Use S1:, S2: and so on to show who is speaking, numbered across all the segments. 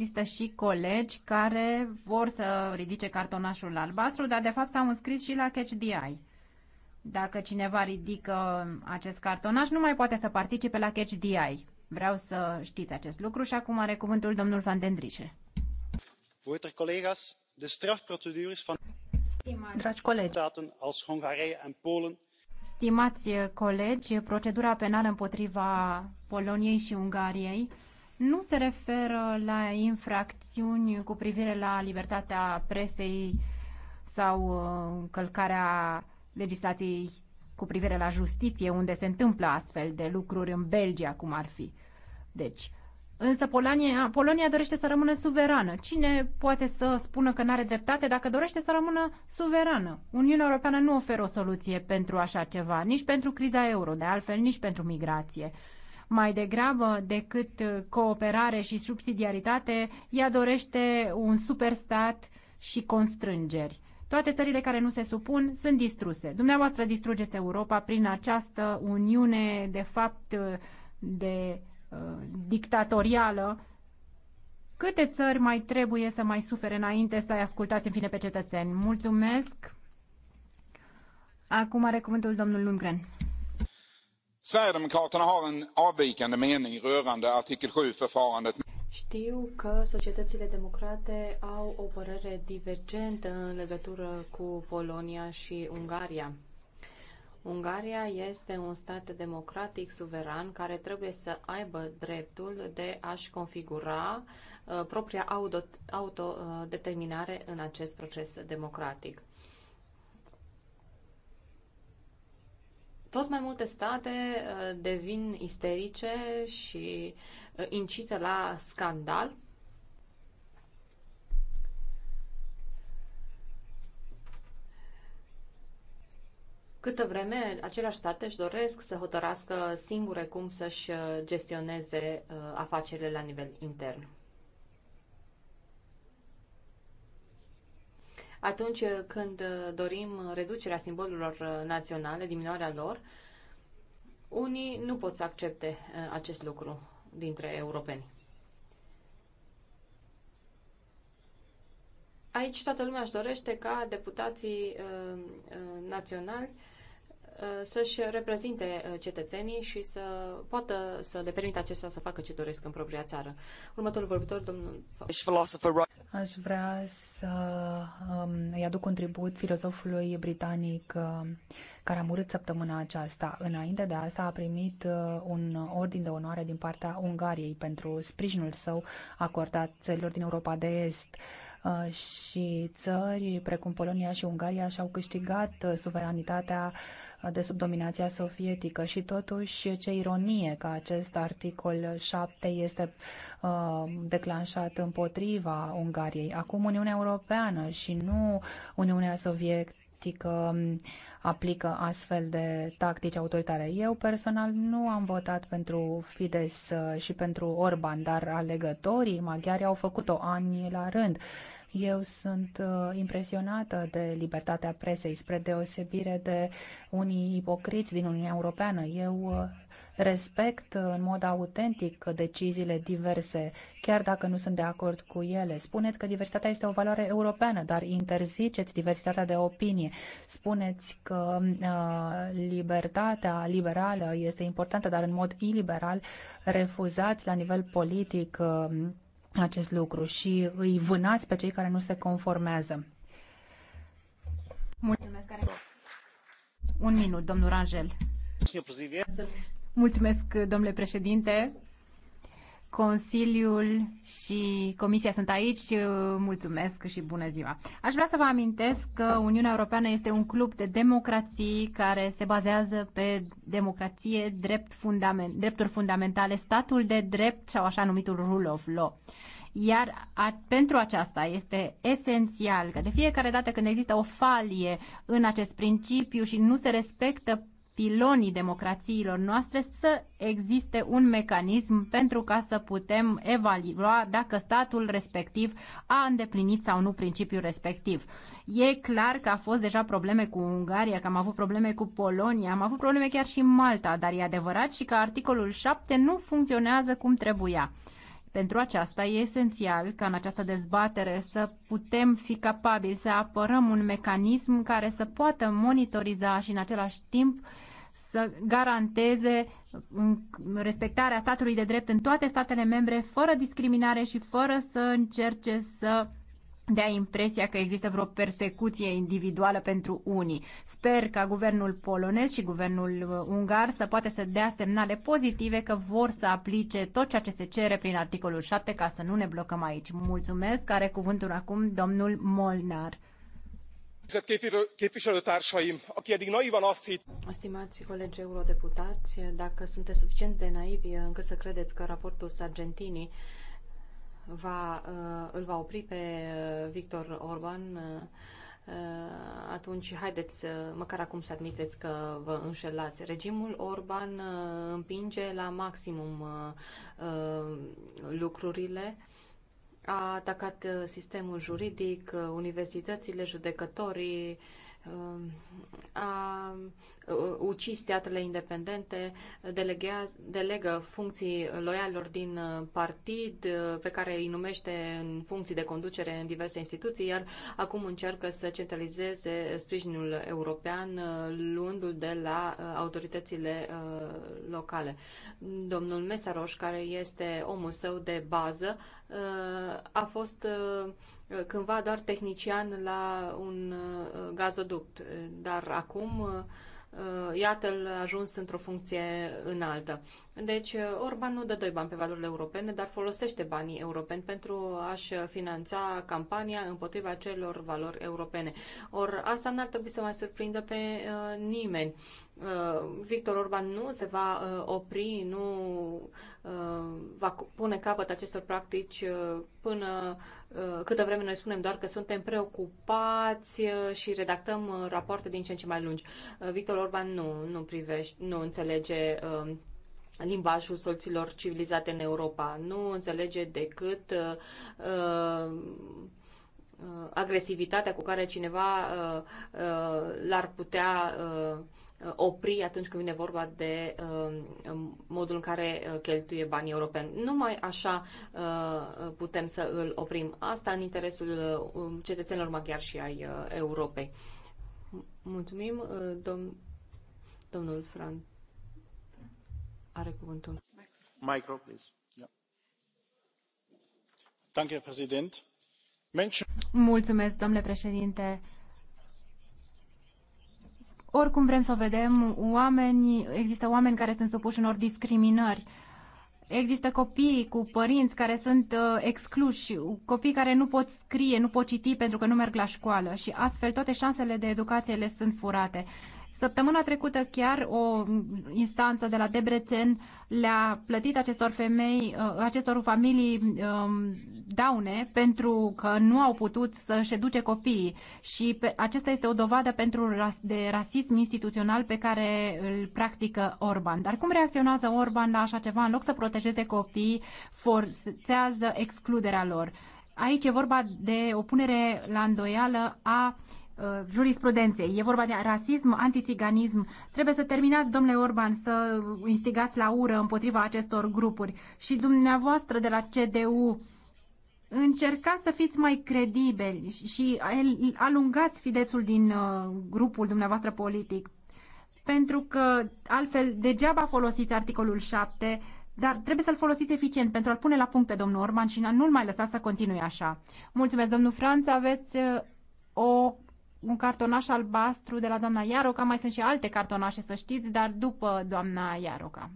S1: există și colegi care vor să ridice cartonașul albastru, dar de fapt s-au înscris și la Catch the Eye. Dacă cineva ridică acest cartonaș, nu mai poate să participe la Catch the Eye. Vreau să știți acest lucru și acum are cuvântul domnul Van
S2: Dendrișe. Voorzitter, collega's, de strafprocedures van Dragi colegi, als Hongarije en Polen
S1: Stimați colegi, procedura penală împotriva Poloniei și Ungariei nu se referă la infracțiuni cu privire la libertatea presei sau uh, încălcarea legislației cu privire la justiție, unde se întâmplă astfel de lucruri în Belgia, cum ar fi. Deci, însă Polonia, Polonia dorește să rămână suverană. Cine poate să spună că nu are dreptate dacă dorește să rămână suverană? Uniunea Europeană nu oferă o soluție pentru așa ceva, nici pentru criza euro, de altfel nici pentru migrație mai degrabă decât uh, cooperare și subsidiaritate, ea dorește un superstat și constrângeri. Toate țările care nu se supun sunt distruse. Dumneavoastră distrugeți Europa prin această uniune de fapt uh, de uh, dictatorială. Câte țări mai trebuie să mai sufere înainte să-i ascultați în fine pe cetățeni? Mulțumesc! Acum are cuvântul domnul Lundgren.
S2: Sverigedemokraterna har en avvikande mening rörande artikel 7-förfarandet.
S3: Știu că societățile democrate au o părere divergentă în legătură cu Polonia și Ungaria. Ungaria este un stat democratic suveran care trebuie să aibă dreptul de a-și configura uh, propria autodeterminare în acest proces democratic. Tot mai multe state uh, devin isterice și uh, incită la scandal. Câtă vreme aceleași state își doresc să hotărască singure cum să-și uh, gestioneze afacerile la nivel intern. atunci când dorim reducerea simbolurilor naționale, diminuarea lor, unii nu pot să accepte uh, acest lucru dintre europeni. Aici toată lumea își dorește ca deputații uh, uh naționali Uh, să-și reprezinte uh, cetățenii și să poată să le permită acestea să facă ce doresc în propria țară. Următorul vorbitor, domnul...
S2: Aș vrea să um, îi aduc un tribut filozofului britanic uh, care a murit săptămâna aceasta. Înainte de asta a primit un ordin de onoare din partea Ungariei pentru sprijinul său acordat țărilor din Europa de Est. Uh, Uh, și țări precum Polonia și Ungaria și-au câștigat uh, suveranitatea uh, de sub dominația sovietică și totuși ce ironie că acest articol 7 este declanșat împotriva Ungariei. Acum Uniunea Europeană și nu Uniunea Sovietică um, aplică astfel de tactici autoritare. Eu personal nu am votat pentru Fides uh, și pentru Orban, dar alegătorii maghiari au făcut-o ani la rând. Eu sunt uh, impresionată de libertatea presei, spre deosebire de unii ipocriți din Uniunea Europeană. Eu uh, respect în mod autentic deciziile diverse, chiar dacă nu sunt de acord cu ele. Spuneți că diversitatea este o valoare europeană, dar interziceți diversitatea de opinie. Spuneți că uh, libertatea liberală este importantă, dar în mod iliberal refuzați la nivel politic uh, acest lucru și îi vânați pe cei care nu se conformează.
S1: Mulțumesc. Un minut, domnul Rangel. Mulțumesc, domnule președinte. Consiliul și Comisia sunt aici. Mulțumesc și bună ziua. Aș vrea să vă amintesc că Uniunea Europeană este un club de democrații care se bazează pe democrație, drept fundament, drepturi fundamentale, statul de drept sau așa numitul rule of law. Iar a, pentru aceasta este esențial că de fiecare dată când există o falie în acest principiu și nu se respectă pilonii democrațiilor noastre să existe un mecanism pentru ca să putem evalua dacă statul respectiv a îndeplinit sau nu principiul respectiv. E clar că a fost deja probleme cu Ungaria, că am avut probleme cu Polonia, am avut probleme chiar și în Malta, dar e adevărat și că articolul 7 nu funcționează cum trebuia. Pentru aceasta e esențial ca în această dezbatere să putem fi capabili să apărăm un mecanism care să poată monitoriza și în același timp uh, să garanteze respectarea statului de drept în toate statele membre, fără discriminare și fără să încerce să dea impresia că există vreo persecuție individuală pentru unii. Sper ca guvernul polonez și guvernul uh, ungar să poate să dea semnale pozitive că vor să aplice tot ceea ce se cere prin articolul 7 ca să nu ne blocăm aici. Mulțumesc. Are cuvântul acum domnul Molnar.
S3: Stimați colegi eurodeputați, dacă sunteți suficient de naivi încât să credeți că raportul Sargentini va, uh, îl va opri pe uh, Victor Orban, uh, atunci haideți măcar acum să admiteți că vă înșelați. Regimul Orban împinge la maximum lucrurile a atacat uh, sistemul juridic, uh, universitățile, judecătorii, a ucis teatrele independente, delegă funcții loialilor din partid pe care îi numește în funcții de conducere în diverse instituții, iar acum încearcă să centralizeze sprijinul european luându-l de la autoritățile locale. Domnul Mesaroș, care este omul său de bază, a fost cândva doar tehnician la un uh, gazoduct, dar acum uh, uh, iată-l ajuns într-o funcție înaltă. Deci, uh, Orban nu dă doi bani pe valorile europene, dar folosește banii europeni pentru a-și finanța campania împotriva celor valori europene. Or, asta n-ar trebui să mai surprindă pe uh, nimeni. Uh, Victor Orban nu se va uh, opri, nu va pune capăt acestor practici până câtă vreme noi spunem doar că suntem preocupați și redactăm rapoarte din ce în ce mai lungi. Victor Orban nu, nu privește, nu înțelege limbajul soluțiilor civilizate în Europa. Nu înțelege decât uh, uh, agresivitatea cu care cineva uh, uh, l-ar putea uh, opri atunci când vine vorba de uh, modul în care uh, cheltuie banii europeni. Numai așa uh, putem să îl oprim. Asta în interesul uh, cetățenilor maghiari și ai uh, Europei. Mulțumim, uh, domn, domnul Frant.
S1: Mulțumesc, domnule președinte. Oricum vrem să o vedem, oameni, există oameni care sunt supuși unor discriminări. Există copii cu părinți care sunt uh, excluși, copii care nu pot scrie, nu pot citi pentru că nu merg la școală și astfel toate șansele de educație le sunt furate. Săptămâna trecută chiar o instanță de la Debrecen le-a plătit acestor femei, uh, acestor familii um, daune pentru că nu au putut să-și educe copiii și pe, acesta este o dovadă pentru de rasism instituțional pe care îl practică Orban. Dar cum reacționează Orban la așa ceva? În loc să protejeze copiii, forțează excluderea lor. Aici e vorba de o punere la îndoială a Uh, jurisprudenței. E vorba de rasism, antiziganism. Trebuie să terminați, domnule Orban, să instigați la ură împotriva acestor grupuri. Și dumneavoastră de la CDU, încercați să fiți mai credibili și alungați fidețul din uh, grupul dumneavoastră politic. Pentru că altfel degeaba folosiți articolul 7 dar trebuie să-l folosiți eficient pentru a-l pune la punct pe domnul Orban și nu-l mai lăsa să continue așa. Mulțumesc, domnul Franț, aveți uh, o un cartonaș albastru de la doamna Iaroca, mai sunt și alte cartonașe, să știți, dar după doamna Iaroca.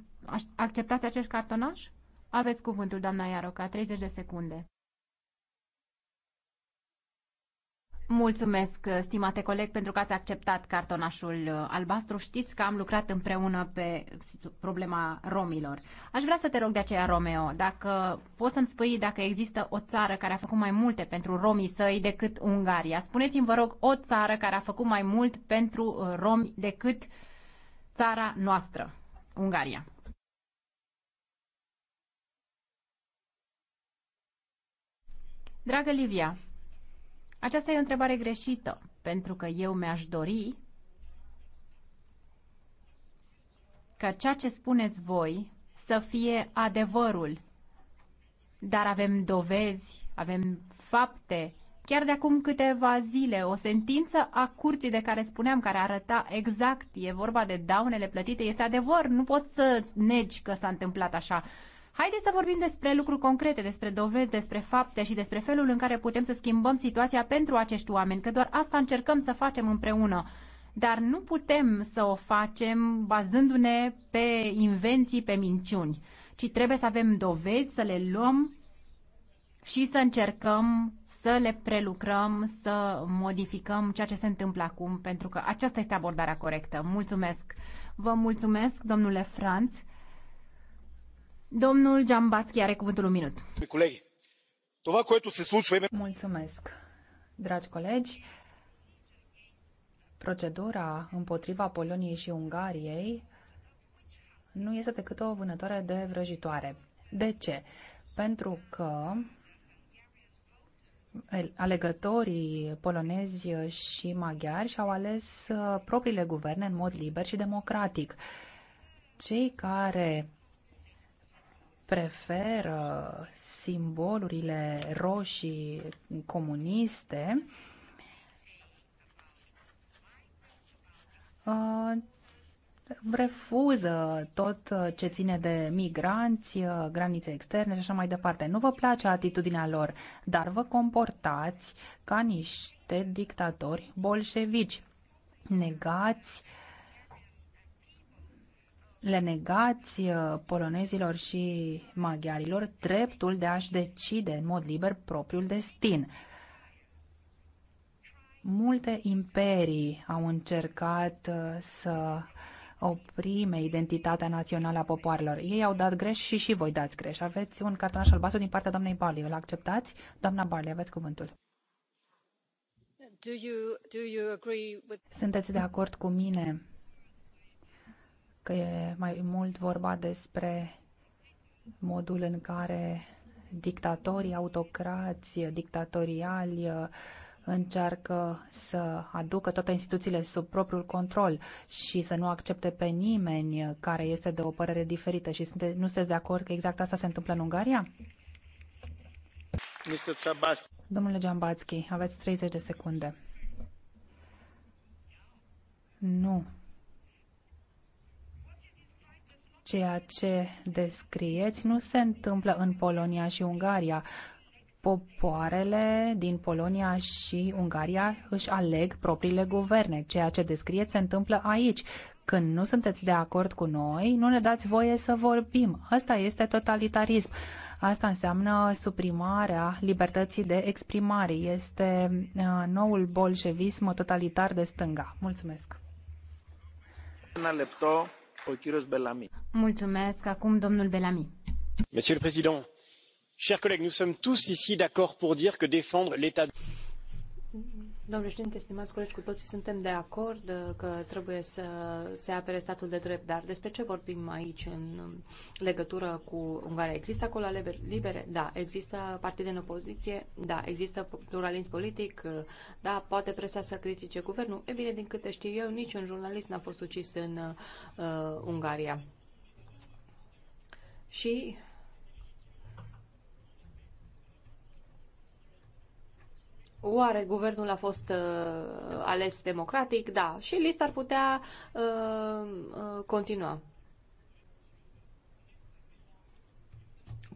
S1: Acceptați acest cartonaș? Aveți cuvântul, doamna Iaroca, 30 de secunde. Mulțumesc, stimate coleg, pentru că ați acceptat cartonașul uh, albastru. Știți că am lucrat împreună pe problema romilor. Aș vrea să te rog de aceea, Romeo, dacă poți să-mi spui dacă există o țară care a făcut mai multe pentru romii săi decât Ungaria. Spuneți-mi, vă rog, o țară care a făcut mai mult pentru uh, romi decât țara noastră, Ungaria. Dragă Livia, aceasta e o întrebare greșită, pentru că eu mi-aș dori ca ceea ce spuneți voi să fie adevărul. Dar avem dovezi, avem fapte. Chiar de acum câteva zile, o sentință a curții de care spuneam, care arăta exact, e vorba de daunele plătite, este adevăr, nu poți să negi că s-a întâmplat așa. Haideți să vorbim despre lucruri concrete, despre dovezi, despre fapte și despre felul în care putem să schimbăm situația pentru acești oameni, că doar asta încercăm să facem împreună. Dar nu putem să o facem bazându-ne pe invenții, pe minciuni, ci trebuie să avem dovezi, să le luăm și să încercăm să le prelucrăm, să modificăm ceea ce se întâmplă acum, pentru că aceasta este abordarea corectă. Mulțumesc! Vă mulțumesc, domnule Franț! Domnul Giambatski are cuvântul un minut.
S2: Mulțumesc, dragi colegi. Procedura împotriva Poloniei și Ungariei nu este decât o vânătoare de vrăjitoare. De ce? Pentru că alegătorii polonezi și maghiari și-au ales uh, propriile guverne în mod liber și democratic. Cei care preferă simbolurile roșii comuniste uh, refuză tot ce ține de migranți, uh, granițe externe și așa mai departe. Nu vă place atitudinea lor, dar vă comportați ca niște dictatori bolșevici. Negați uh, le negați uh, polonezilor și maghiarilor dreptul de a-și decide în mod liber propriul destin. Multe imperii au încercat uh, să oprime identitatea națională a popoarelor. Ei au dat greș și și voi dați greș. Aveți un cartonaș albastru din partea doamnei Bali. Îl acceptați? Doamna Bali, aveți cuvântul.
S3: Do you, do you agree with... Sunteți de
S2: acord cu mine că e mai mult vorba despre modul în care dictatorii autocrați, dictatoriali, uh, încearcă să aducă toate instituțiile sub propriul control și să nu accepte pe nimeni care este de o părere diferită. Și sunte, nu sunteți de acord că exact asta se întâmplă în Ungaria? Domnule Giambatski, aveți 30 de secunde. Nu Ceea ce descrieți nu se întâmplă în Polonia și Ungaria. Popoarele din Polonia și Ungaria își aleg propriile guverne. Ceea ce descrieți se întâmplă aici. Când nu sunteți de acord cu noi, nu ne dați voie să vorbim. Asta este totalitarism. Asta înseamnă suprimarea libertății de exprimare. Este uh, noul bolșevism totalitar de stânga. Mulțumesc. Domnule Președinte,
S1: domnul colegi, Monsieur le Président, chers collègues, nous sommes tous ici d'accord pour dire que défendre l'état.
S3: Domnule președinte, stimați colegi, cu toții suntem de acord uh, că trebuie să se apere statul de drept, dar despre ce vorbim aici în um, legătură cu Ungaria? Există acolo alegeri libere? Da. Există partide în opoziție? Da. Există pluralism politic? Uh, da. Poate presa să critique guvernul? Evident, din câte știu eu, niciun jurnalist n-a fost ucis în uh, Ungaria. Și Oare guvernul a fost uh, ales democratic? Da. Și lista ar putea uh, uh, continua.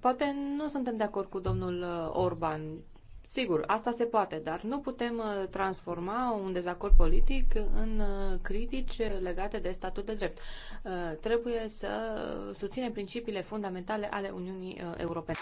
S3: Poate nu suntem de acord cu domnul uh, Orban. Sigur, asta se poate, dar nu putem uh, transforma un dezacord politic în uh, critici legate de statul de drept. Trebuie să susținem principiile fundamentale ale Uniunii Europene.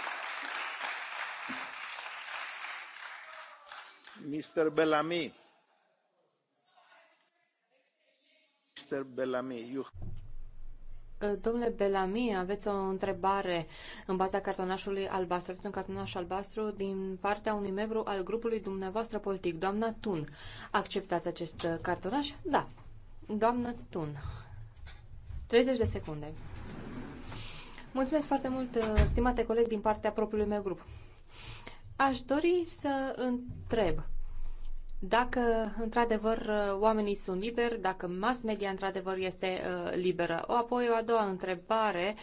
S3: Uh, domnule Bellamy, aveți o întrebare în baza cartonașului albastru. Aveți un cartonaș albastru din partea unui membru al grupului dumneavoastră politic, doamna Tun. Acceptați acest uh, cartonaș? Da. Doamna Tun. 30 de secunde. Mulțumesc foarte mult, uh, stimate coleg, din partea propriului meu grup. Aș dori să întreb dacă într-adevăr oamenii sunt liberi, dacă mass media într-adevăr este uh, liberă. O, apoi o a doua întrebare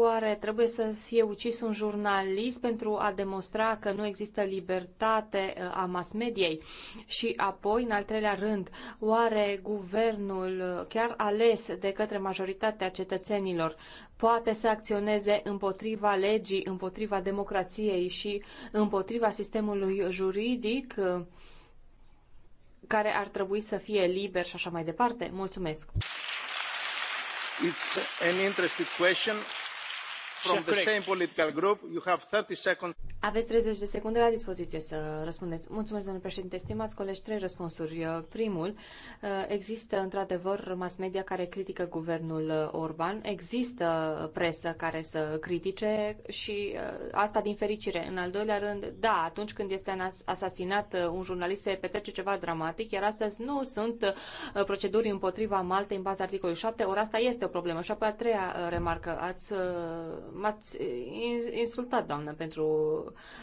S3: Oare trebuie să fie ucis un jurnalist pentru a demonstra că nu există libertate uh, a mass mediei? Și apoi, în al treilea rând, oare guvernul, uh, chiar ales de către majoritatea cetățenilor, poate să acționeze împotriva legii, împotriva democrației și împotriva sistemului juridic uh, care ar trebui să fie liber și așa mai departe? Mulțumesc! it's an interesting question. 30 Aveți 30 de secunde la dispoziție să răspundeți. Mulțumesc, domnule președinte. Stimați colegi, trei răspunsuri. Uh, primul, uh, există într-adevăr mass media care critică guvernul uh, Orban, există presă care să critique și asta din fericire. În al doilea rând, da, atunci când este asasinat un jurnalist se petrece ceva dramatic, iar astăzi nu sunt proceduri împotriva Maltei în baza articolului 7, ori asta este o problemă. Și apoi a treia remarcă, ați m-ați insultat, doamnă, pentru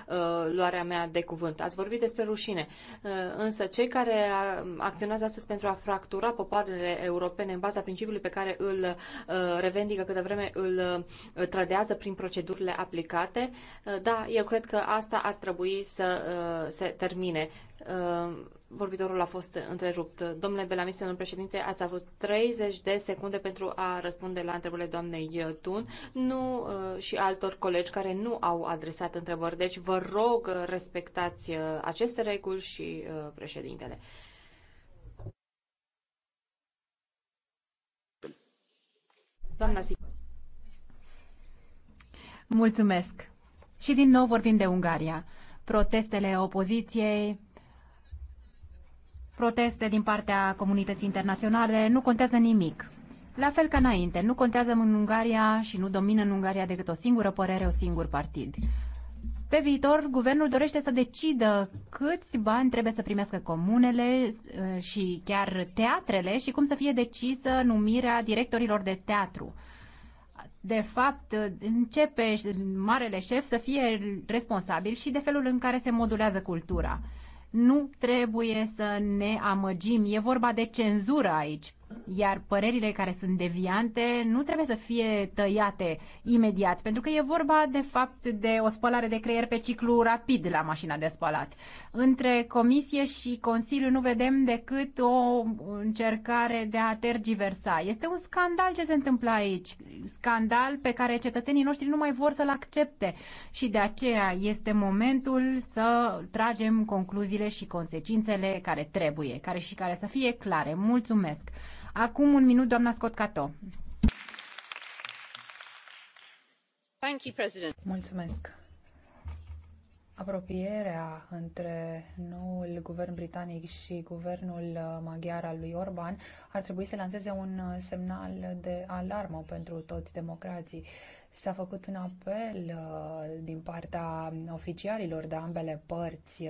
S3: uh, luarea mea de cuvânt. Ați vorbit despre rușine. Uh, însă cei care acționează astăzi pentru a fractura popoarele europene în baza principiului pe care îl uh, revendică câtă vreme îl trădează prin procedurile aplicate, da, eu cred că asta ar trebui să se termine. Vorbitorul a fost întrerupt. Domnule Belamis, domnul președinte, ați avut 30 de secunde pentru a răspunde la întrebările doamnei Tun nu, uh, și altor colegi care nu au adresat întrebări. Deci vă rog, uh, respectați uh, aceste reguli și președintele. Doamna Sic.
S1: Mulțumesc. Și din nou vorbim de Ungaria. Protestele opoziției proteste din partea comunității internaționale, nu contează nimic. La fel ca înainte, nu contează în Ungaria și nu domină în Ungaria decât o singură părere, o singur partid. Pe viitor, guvernul dorește să decidă câți bani trebuie să primească comunele uh, și chiar teatrele și cum să fie decisă numirea directorilor de teatru. De fapt, începe marele șef să fie responsabil și de felul în care se modulează cultura nu trebuie să ne amăgim. E vorba de cenzură aici iar părerile care sunt deviante nu trebuie să fie tăiate imediat, pentru că e vorba de fapt de o spălare de creier pe ciclu rapid la mașina de spălat. Între comisie și Consiliu nu vedem decât o încercare de a tergiversa. Este un scandal ce se întâmplă aici, scandal pe care cetățenii noștri nu mai vor să-l accepte și de aceea este momentul să tragem concluziile și consecințele care trebuie, care și care să fie clare. Mulțumesc! Acum un minut, doamna Scott Cato.
S2: Thank you, President. Mulțumesc. Apropierea între noul guvern britanic și guvernul uh, maghiar al lui Orban ar trebui să lanseze un uh, semnal de alarmă pentru toți democrații. S-a făcut un apel uh, din partea oficialilor de ambele părți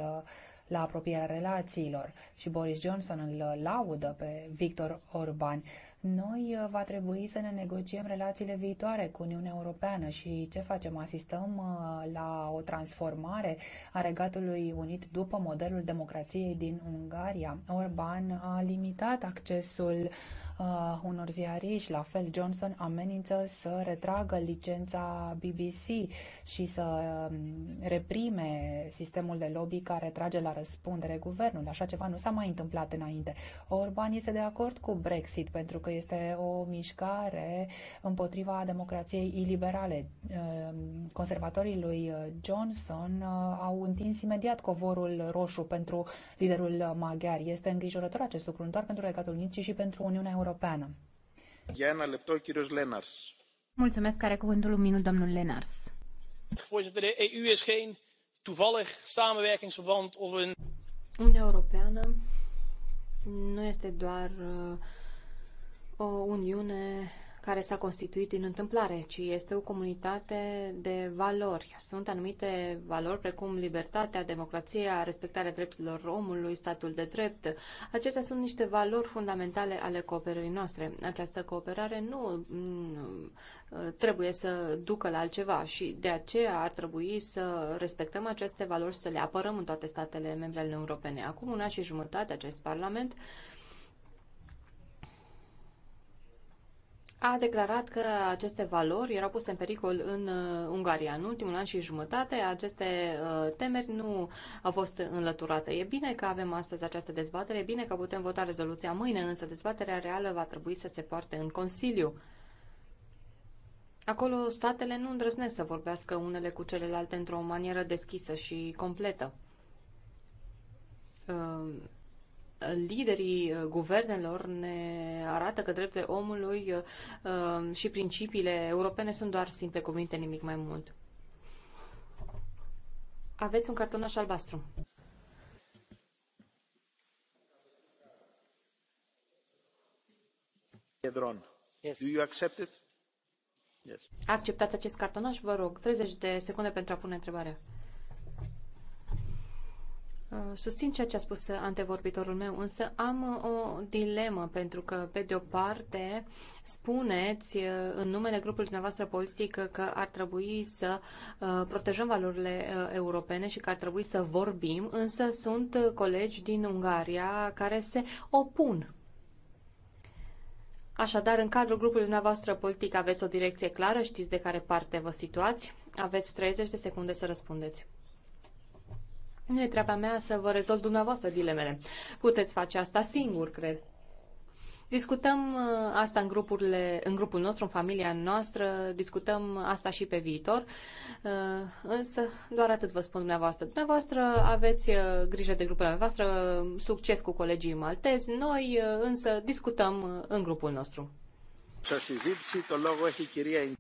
S2: la apropierea relațiilor și Boris Johnson îl laudă pe Victor Orban. Noi uh, va trebui să ne negociem relațiile viitoare cu Uniunea Europeană și ce facem? Asistăm uh, la o transformare a Regatului Unit după modelul democrației din Ungaria. Orban a limitat accesul uh, unor ziariști. La fel, Johnson amenință să retragă licența BBC și să um, reprime sistemul de lobby care trage la răspundere guvernul. Așa ceva nu s-a mai întâmplat înainte. Orban este de acord cu Brexit pentru că este o mișcare împotriva democrației iliberale. Um, conservatorii lui Johnson uh, au întins imediat covorul roșu pentru liderul maghiar. Este îngrijorător acest lucru, nu doar pentru Regatul Unit, ci și pentru Uniunea Europeană. Europeană. Iana Lepto, Lenars. Mulțumesc, care cuvântul un minut, domnul Lenars. Voorzitter, de EU is geen toevallig samenwerkingsverband of een...
S3: Uniunea Europeană nu este doar uh, o uniune care s-a constituit din întâmplare, ci este o comunitate de valori. Sunt anumite valori precum libertatea, democrația, respectarea drepturilor omului, statul de drept. Acestea sunt niște valori fundamentale ale cooperării noastre. Această cooperare nu mm, trebuie să ducă la altceva și de aceea ar trebui să respectăm aceste valori, să le apărăm în toate statele membre ale europene. Acum una și jumătate acest Parlament a declarat că aceste valori erau puse în pericol în uh, Ungaria. În ultimul an și jumătate, aceste uh, temeri nu au fost înlăturate. E bine că avem astăzi această dezbatere, e bine că putem vota rezoluția mâine, însă dezbaterea reală va trebui să se poarte în Consiliu. Acolo statele nu îndrăznesc să vorbească unele cu celelalte într-o manieră deschisă și completă. Uh, liderii uh, guvernelor ne arată că drepturile omului uh, și principiile europene sunt doar simple cuvinte, nimic mai mult. Aveți un cartonaș albastru.
S2: yes. do you accept it? Yes.
S3: Acceptați acest cartonaș, vă rog. 30 de secunde pentru a pune întrebarea. Uh, susțin ceea ce a spus antevorbitorul meu, însă am uh, o dilemă, pentru că, pe de o parte, spuneți uh, în numele grupului dumneavoastră politic că ar trebui să protejăm valorile europene și că ar trebui să vorbim, însă sunt colegi din Ungaria care se opun Așadar, în cadrul grupului dumneavoastră politic aveți o direcție clară, știți de care parte vă situați, aveți 30 de secunde să răspundeți. Nu e treaba mea să vă rezolv dumneavoastră dilemele. Puteți face asta singur, cred. Discutăm uh, asta în, grupurile, în grupul nostru, în familia noastră, discutăm asta și pe viitor, uh, însă doar atât vă spun dumneavoastră. Dumneavoastră aveți uh, grijă de grupul dumneavoastră, succes cu colegii maltezi, noi însă discutăm în grupul nostru.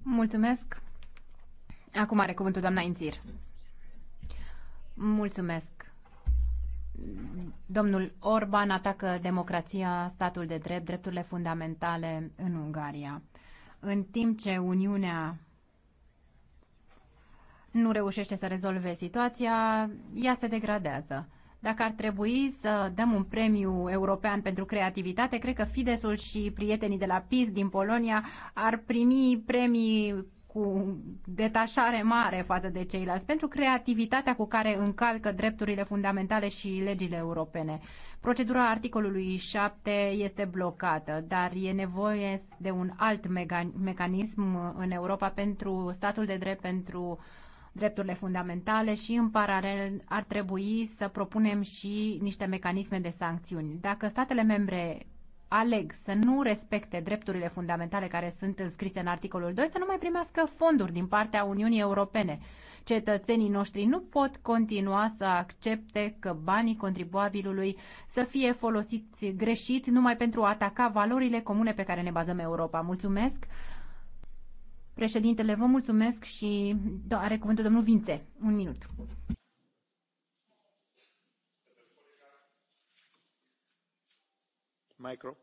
S3: Mulțumesc. Acum are cuvântul doamna Inzir.
S1: Mulțumesc. Domnul Orban atacă democrația, statul de drept, drepturile fundamentale în Ungaria. În timp ce Uniunea nu reușește să rezolve situația, ea se degradează. Dacă ar trebui să dăm un premiu european pentru creativitate, cred că Fidesul și prietenii de la PIS din Polonia ar primi premii cu detașare mare față de ceilalți, pentru creativitatea cu care încalcă drepturile fundamentale și legile europene. Procedura articolului 7 este blocată, dar e nevoie de un alt mecanism în Europa pentru statul de drept, pentru drepturile fundamentale și în paralel ar trebui să propunem și niște mecanisme de sancțiuni. Dacă statele membre aleg să nu respecte drepturile fundamentale care sunt înscrise în articolul 2, să nu mai primească fonduri din partea Uniunii Europene. Cetățenii noștri nu pot continua să accepte că banii contribuabilului să fie folosiți greșit numai pentru a ataca valorile comune pe care ne bazăm Europa. Mulțumesc! Președintele, vă mulțumesc și are cuvântul domnul Vințe. Un minut.
S2: Micro.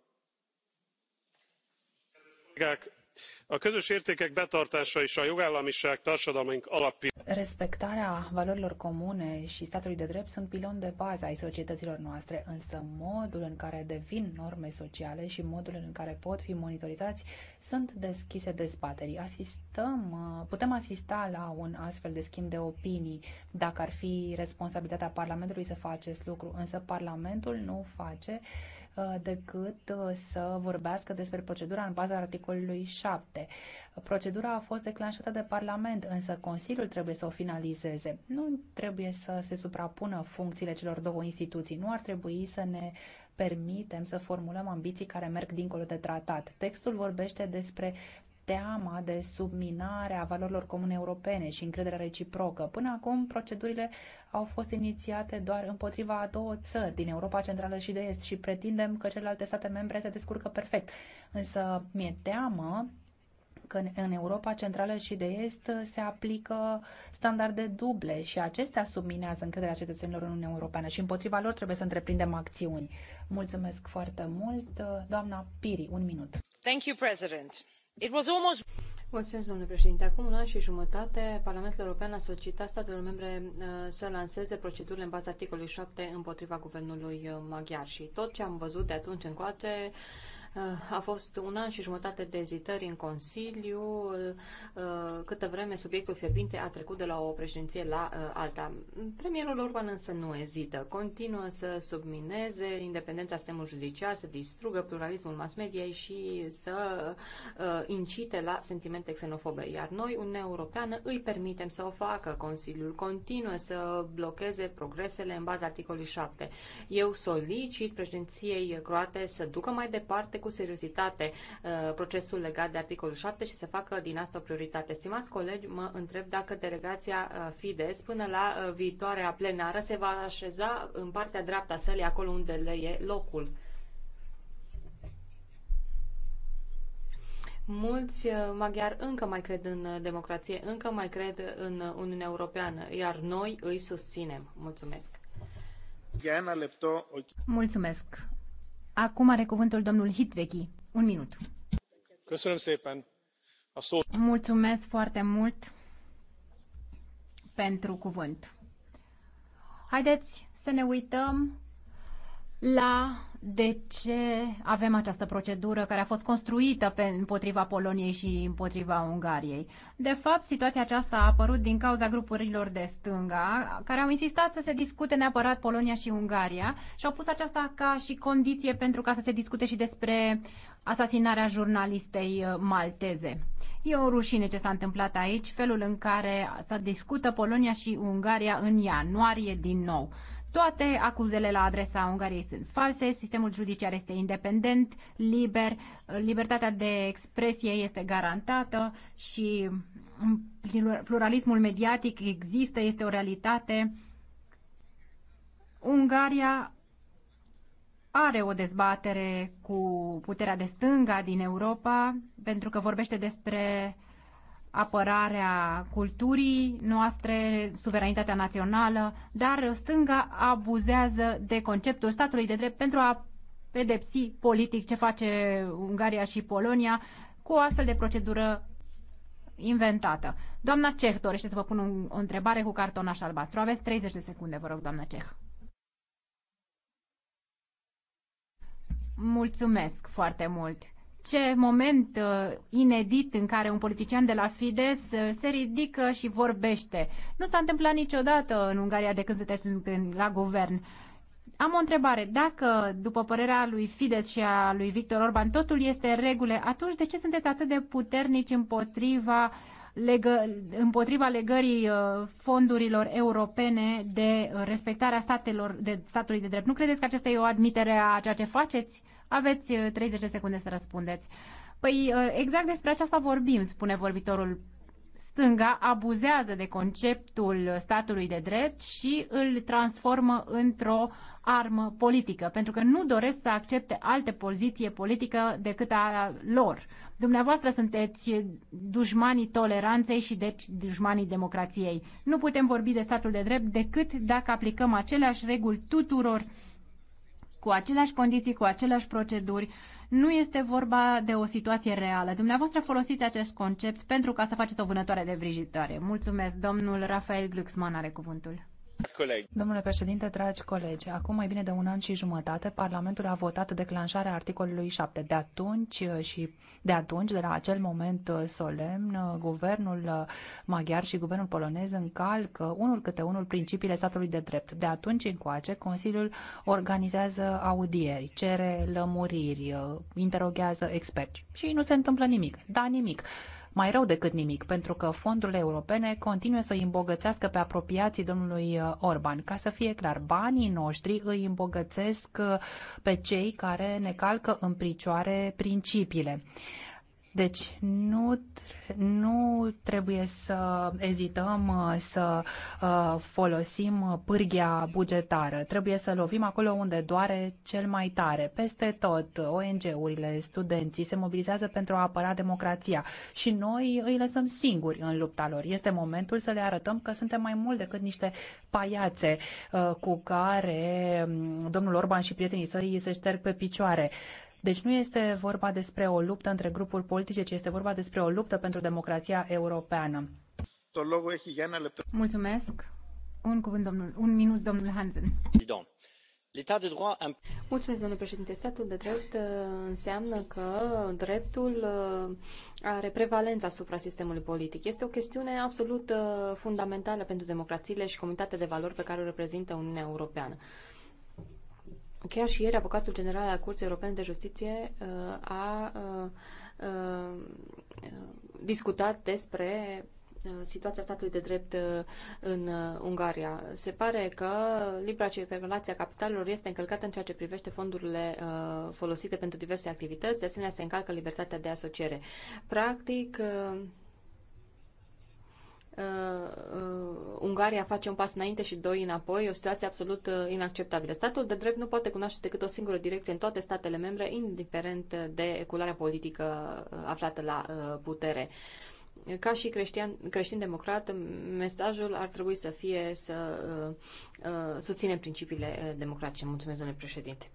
S2: Respectarea valorilor comune și statului de drept sunt pilon de bază ai societăților noastre, însă modul în care devin norme sociale și modul în care pot fi monitorizați sunt deschise dezbaterii. Asistăm, putem asista la un astfel de schimb de opinii dacă ar fi responsabilitatea Parlamentului să facă acest lucru, însă Parlamentul nu face Uh, decât uh, să vorbească despre procedura în baza articolului 7. Procedura a fost declanșată de Parlament, însă Consiliul trebuie să o finalizeze. Nu trebuie să se suprapună funcțiile celor două instituții. Nu ar trebui să ne permitem să formulăm ambiții care merg dincolo de tratat. Textul vorbește despre teama de subminare a valorilor comune europene și încrederea reciprocă. Până acum, procedurile au fost inițiate doar împotriva a două țări din Europa Centrală și de Est și pretindem că celelalte state membre se descurcă perfect. Însă mi-e teamă că în Europa Centrală și de Est se aplică standarde duble și acestea subminează încrederea cetățenilor în Uniunea Europeană și împotriva lor trebuie să întreprindem acțiuni. Mulțumesc foarte mult. Doamna Piri, un minut.
S3: Thank you, President domnule președinte. Acum un an și jumătate, Parlamentul European a solicitat statelor membre uh, să lanseze procedurile în baza articolului 7 împotriva guvernului uh, maghiar și tot ce am văzut de atunci încoace a fost un an și jumătate de ezitări în Consiliu, uh, câtă vreme subiectul fierbinte a trecut de la o președinție la uh, alta. Premierul Orban însă nu ezită, continuă să submineze independența sistemului judiciar, să distrugă pluralismul mass mediei și să uh, incite la sentimente xenofobe. Iar noi, Uniunea Europeană, îi permitem să o facă. Consiliul continuă să blocheze progresele în baza articolului 7. Eu solicit președinției croate să ducă mai departe cu seriozitate uh, procesul legat de articolul 7 și să facă din asta o prioritate. Stimați colegi, mă întreb dacă delegația uh, Fides până la uh, viitoarea plenară se va așeza în partea dreapta sălii, acolo unde le e locul. Mulți maghiari încă mai cred în democrație, încă mai cred în Uniunea Europeană, iar noi îi susținem. Mulțumesc!
S1: Mulțumesc! Acum are cuvântul domnul Hitvechi. Un minut. Mulțumesc foarte mult pentru cuvânt. Haideți să ne uităm la de ce avem această procedură care a fost construită pe, împotriva Poloniei și împotriva Ungariei. De fapt, situația aceasta a apărut din cauza grupurilor de stânga, care au insistat să se discute neapărat Polonia și Ungaria și au pus aceasta ca și condiție pentru ca să se discute și despre asasinarea jurnalistei uh, malteze. E o rușine ce s-a întâmplat aici, felul în care se discută Polonia și Ungaria în ianuarie din nou. Toate acuzele la adresa Ungariei sunt false, sistemul judiciar este independent, liber, libertatea de expresie este garantată și pluralismul mediatic există, este o realitate. Ungaria are o dezbatere cu puterea de stânga din Europa pentru că vorbește despre apărarea culturii noastre, suveranitatea națională, dar stânga abuzează de conceptul statului de drept pentru a pedepsi politic ce face Ungaria și Polonia cu o astfel de procedură inventată. Doamna Ceh dorește să vă pun un, o întrebare cu cartonaș albastru. Aveți 30 de secunde, vă rog, doamna Ceh. Mulțumesc foarte mult ce moment uh, inedit în care un politician de la Fides uh, se ridică și vorbește. Nu s-a întâmplat niciodată în Ungaria de când sunteți în, în, la guvern. Am o întrebare. Dacă, după părerea lui Fides și a lui Victor Orban, totul este în regulă, atunci de ce sunteți atât de puternici împotriva, legă, împotriva legării uh, fondurilor europene de uh, respectarea statelor, de statului de drept? Nu credeți că acesta e o admitere a ceea ce faceți? Aveți 30 uh, de secunde să răspundeți. Păi uh, exact despre aceasta vorbim, spune vorbitorul. Stânga abuzează de conceptul statului de drept și îl transformă într-o armă politică, pentru că nu doresc să accepte alte poziție politică decât a lor. Dumneavoastră sunteți dușmanii toleranței și deci dușmanii democrației. Nu putem vorbi de statul de drept decât dacă aplicăm aceleași reguli tuturor cu aceleași condiții, cu aceleași proceduri. Nu este vorba de o situație reală. Dumneavoastră folosiți acest concept pentru ca să faceți
S2: o vânătoare de vrijitoare. Mulțumesc, domnul Rafael Glucksmann are cuvântul. Domnule președinte, dragi colegi, acum mai bine de un an și jumătate, Parlamentul a votat declanșarea articolului 7. De atunci uh, și de atunci, de la acel moment uh, solemn, uh, guvernul maghiar și guvernul polonez încalcă unul câte unul principiile statului de drept. De atunci încoace, Consiliul organizează audieri, cere lămuriri, interoghează experți și nu se întâmplă nimic. Da, nimic mai rău decât nimic, pentru că fondurile europene continuă să îi îmbogățească pe apropiații domnului uh, Orban. Ca să fie clar, banii noștri îi îmbogățesc uh, pe cei care ne calcă în picioare principiile. Deci nu, nu trebuie să ezităm uh, să uh, folosim uh, pârghia bugetară. Trebuie să lovim acolo unde doare cel mai tare. Peste tot, ONG-urile, studenții se mobilizează pentru a apăra democrația și noi îi lăsăm singuri în lupta lor. Este momentul să le arătăm că suntem mai mult decât niște paiațe cu care mm, domnul Orban și prietenii săi se șterg pe picioare. Deci nu este vorba despre o luptă între grupuri politice, ci este vorba despre o luptă pentru democrația europeană. Mulțumesc. Un cuvânt, domnul. Un minut,
S1: domnul
S3: Hansen. Mulțumesc, domnule președinte. Statul de drept uh, înseamnă că dreptul uh, are prevalența asupra sistemului politic. Este o chestiune absolut uh, fundamentală pentru democrațiile și comunitatea de valori pe care o reprezintă Uniunea Europeană. Chiar și ieri, avocatul general al Curții Europene de Justiție uh, a uh, uh, discutat despre situația statului de drept în Ungaria. Se pare că libera circulație a capitalelor este încălcată în ceea ce privește fondurile folosite pentru diverse activități, de asemenea se încalcă libertatea de asociere. Practic, Uh, uh, Ungaria face un pas înainte și doi înapoi, o situație absolut uh, inacceptabilă. Statul de drept nu poate cunoaște decât o singură direcție în toate statele membre, indiferent de culoarea politică aflată la putere. Ca și creștin, creștin-democrat, mesajul ar trebui să fie să uh, susținem principiile democratice. Mulțumesc, domnule președinte.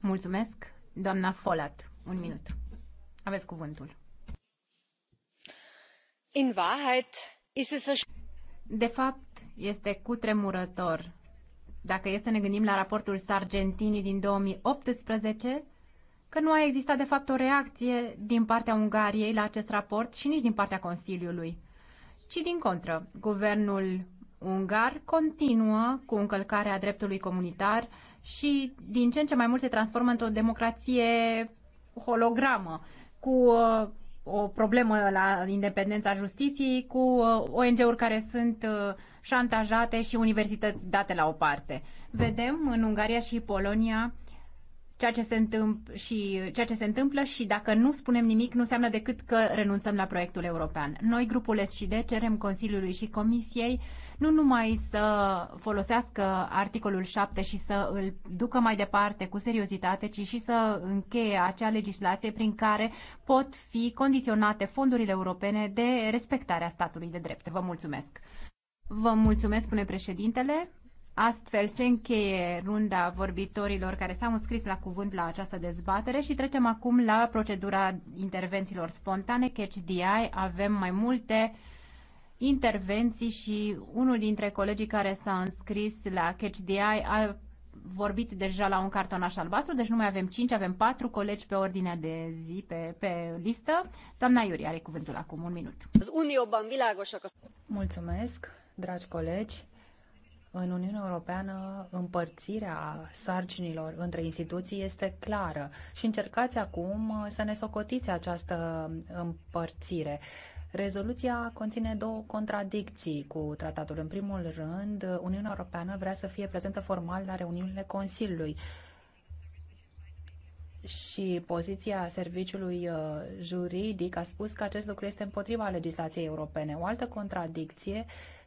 S2: Mulțumesc,
S1: doamna Folat. Un minut. Aveți cuvântul de fapt, este cutremurător. Dacă este să ne gândim la raportul Sargentini din 2018, că nu a existat de fapt o reacție din partea Ungariei la acest raport și nici din partea Consiliului, ci din contră, guvernul ungar continuă cu încălcarea dreptului comunitar și din ce în ce mai mult se transformă într-o democrație hologramă cu uh, o problemă la independența justiției cu uh, ONG-uri care sunt uh, șantajate și universități date la o parte. Vedem în Ungaria și Polonia ceea ce se întâmplă și, uh, ceea ce se întâmplă și dacă nu spunem nimic nu înseamnă decât că renunțăm la proiectul european. Noi, grupul SCD, cerem Consiliului și Comisiei nu numai să folosească articolul 7 și să îl ducă mai departe cu seriozitate, ci și să încheie acea legislație prin care pot fi condiționate fondurile europene de respectarea statului de drept. Vă mulțumesc! Vă mulțumesc, spune președintele. Astfel se încheie runda vorbitorilor care s-au înscris la cuvânt la această dezbatere și trecem acum la procedura intervențiilor spontane. Catch eye. avem mai multe intervenții și unul dintre colegii care s-a înscris la Catch the Eye a vorbit deja la un cartonaș albastru, deci nu mai avem 5, avem 4 colegi pe ordinea de zi, pe, pe listă. Doamna Iuri are cuvântul acum, un
S2: minut. Mulțumesc, dragi colegi. În Uniunea Europeană, împărțirea sarcinilor între instituții este clară și încercați acum să ne socotiți această împărțire. Rezoluția conține două contradicții cu tratatul. În primul rând, Uniunea Europeană vrea să fie prezentă formal la reuniunile Consiliului și poziția serviciului uh, juridic a spus că acest lucru este împotriva legislației europene. O altă contradicție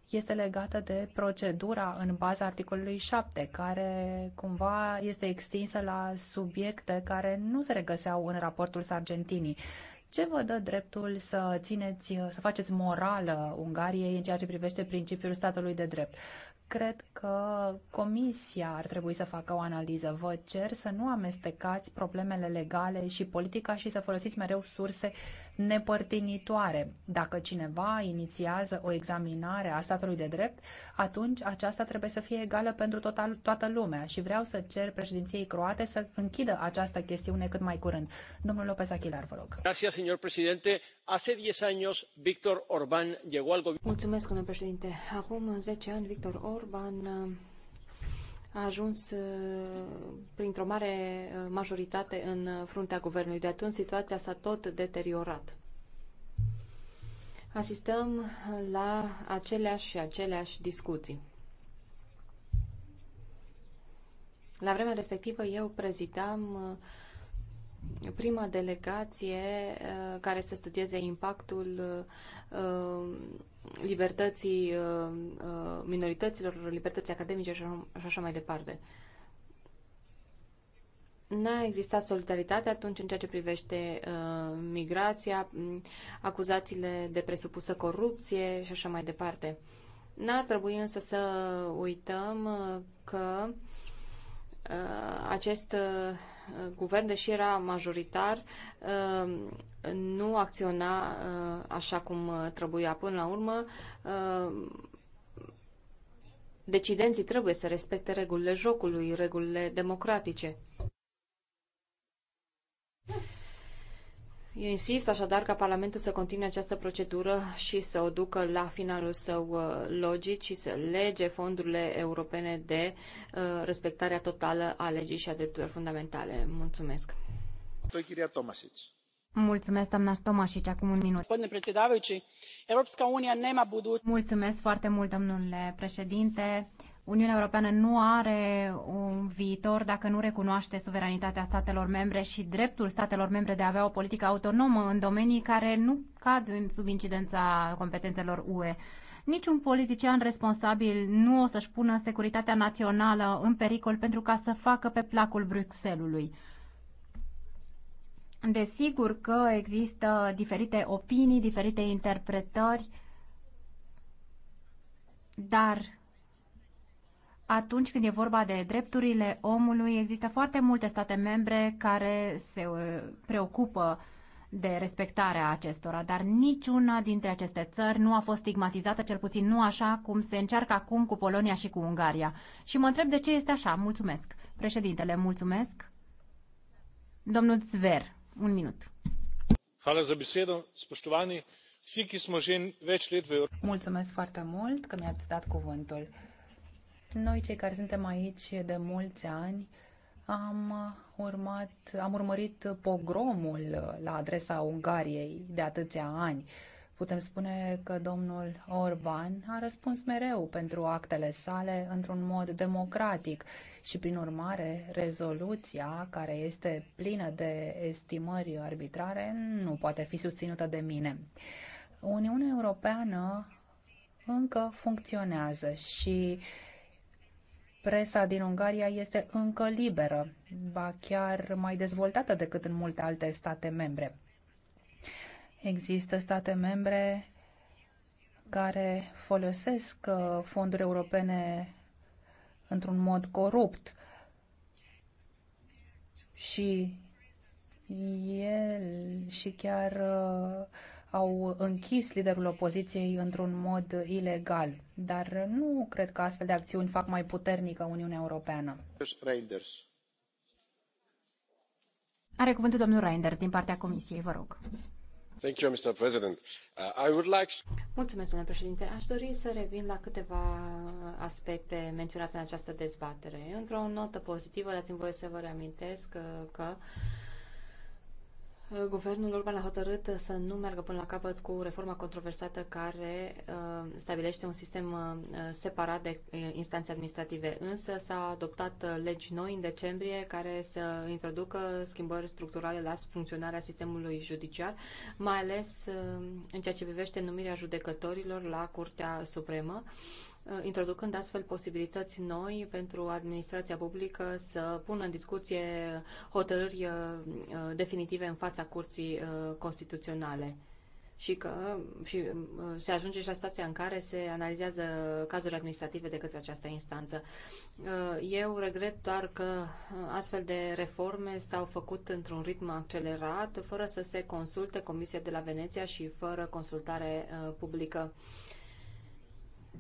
S2: este legată de procedura în baza articolului 7, care cumva este extinsă la subiecte care nu se regăseau în raportul Sargentinii. Ce vă dă dreptul să țineți, să faceți morală Ungariei în ceea ce privește principiul statului de drept? Cred că Comisia ar trebui să facă o analiză. Vă cer să nu amestecați problemele legale și politica și să folosiți mereu surse nepărtinitoare. Dacă cineva inițiază o examinare a statului de drept, atunci aceasta trebuie să fie egală pentru total, toată lumea și vreau să cer președinției croate să închidă această chestiune cât mai curând. Domnul Lopez Achilar, vă rog.
S3: Mulțumesc, domnule președinte. Acum 10 ani, Victor Orban a ajuns uh, printr-o mare uh, majoritate în uh, fruntea guvernului. De atunci situația s-a tot deteriorat. Asistăm la aceleași și aceleași discuții. La vremea respectivă eu prezidam uh, prima delegație uh, care să studieze impactul uh, libertății uh, minorităților, libertății academice și așa mai departe. N-a existat solidaritate atunci în ceea ce privește migrația, acuzațiile de presupusă corupție și așa mai departe. N-ar trebui însă să uităm că acest Uh, guvern, deși era majoritar, uh, nu acționa uh, așa cum trebuia. Până la urmă, decidenții trebuie să respecte regulile jocului, regulile democratice. Eu insist așadar ca Parlamentul să continue această procedură și să o ducă la finalul său uh, logic și să lege fondurile europene de uh, respectarea totală a legii și a drepturilor fundamentale. Mulțumesc. Mulțumesc, doamna Tomasic, acum un minut.
S1: Mulțumesc foarte mult, domnule președinte. Uniunea Europeană nu are un viitor dacă nu recunoaște suveranitatea statelor membre și dreptul statelor membre de a avea o politică autonomă în domenii care nu cad sub incidența competențelor UE. Niciun politician responsabil nu o să-și pună securitatea națională în pericol pentru ca să facă pe placul Bruxellesului. Desigur că există diferite opinii, diferite interpretări, dar atunci când e vorba de drepturile omului, există foarte multe state membre care se uh, preocupă de respectarea acestora, dar niciuna dintre aceste țări nu a fost stigmatizată, cel puțin nu așa cum se încearcă acum cu Polonia și cu Ungaria. Și mă întreb de ce este așa. Mulțumesc. Președintele, mulțumesc.
S2: Domnul Zver, un minut.
S3: Hvala za besedo, spoštovani. Vsi, ki smo že več let v
S2: Mulțumesc foarte mult că mi-ați dat cuvântul. Noi, cei care suntem aici de mulți ani, am, urmat, am urmărit pogromul la adresa Ungariei de atâția ani. Putem spune că domnul Orban a răspuns mereu pentru actele sale într-un mod democratic și, prin urmare, rezoluția, care este plină de estimări arbitrare, nu poate fi susținută de mine. Uniunea Europeană încă funcționează și uh, Presa din Ungaria este încă liberă, ba chiar mai dezvoltată decât în multe alte state membre. Există state membre care folosesc uh, fonduri europene într-un mod corupt și el și chiar uh, au închis liderul opoziției într-un mod ilegal, dar nu cred că astfel de acțiuni fac mai puternică Uniunea Europeană. Reinders.
S3: Are cuvântul domnul Reinders din partea Comisiei, vă rog. You, Mr. President. Uh, I would like... Mulțumesc, domnule președinte. Aș dori să revin la câteva aspecte menționate în această dezbatere. Într-o notă pozitivă, dați-mi voie să vă reamintesc uh, că, că Guvernul Orban a hotărât să nu meargă până la capăt cu reforma controversată care uh, stabilește un sistem uh, separat de uh, instanțe administrative, însă s-a adoptat legi noi în decembrie care să introducă schimbări structurale la funcționarea sistemului judiciar, mai ales în ceea ce privește numirea judecătorilor la Curtea Supremă Uh, introducând astfel posibilități noi pentru administrația publică să pună în discuție hotărâri uh, uh, definitive în fața Curții Constituționale și că și se ajunge și la situația în care se analizează cazurile administrative de către această instanță. Eu regret doar că astfel de reforme s-au făcut într-un ritm accelerat, fără să se consulte Comisia de la Veneția și fără consultare publică.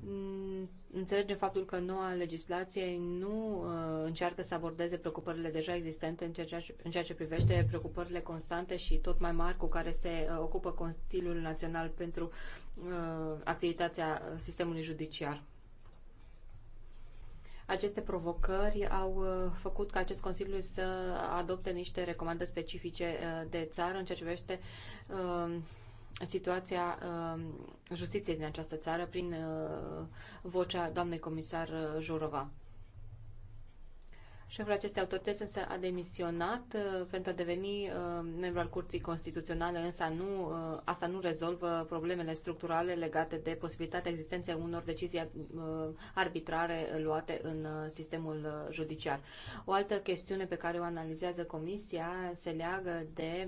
S3: Mm, înțelegem faptul că noua legislație nu uh, încearcă să abordeze preocupările deja existente în ceea ce privește preocupările constante și tot mai mari cu care se uh, ocupă Consiliul Național pentru uh, activitatea sistemului judiciar. Aceste provocări au făcut ca acest Consiliu să adopte niște recomandări specifice de țară în ceea ce privește situația uh, justiției din această țară prin uh, vocea doamnei comisar uh, Jurova. Șeful acestei autorități însă a demisionat uh, pentru a deveni uh, membru al Curții Constituționale, însă nu, uh, asta nu rezolvă problemele structurale legate de posibilitatea existenței unor decizii arbitrare luate în sistemul judiciar. O altă chestiune pe care o analizează Comisia se leagă de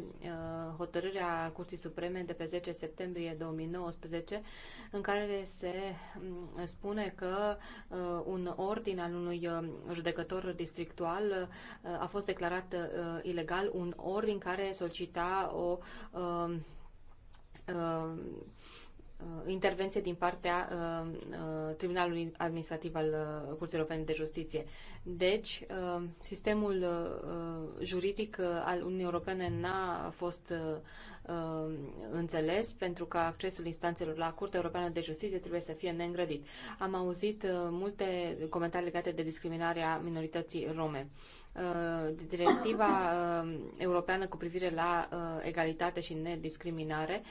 S3: hotărârea Curții Supreme de pe 10 septembrie 2019, în care se mm, spune că un ordin al unui judecător district intelectual uh, a fost declarat uh, ilegal un ordin care solicita o um, um, Uh, intervenție din partea uh, uh, Tribunalului Administrativ al Curții Europene de Justiție. Deci, sistemul juridic al Uniunii Europene n-a fost înțeles pentru că accesul instanțelor la Curtea Europeană de Justiție trebuie să fie neîngrădit. Am auzit multe comentarii legate de discriminarea minorității rome. Uh, directiva uh, europeană cu privire la uh, egalitate și nediscriminare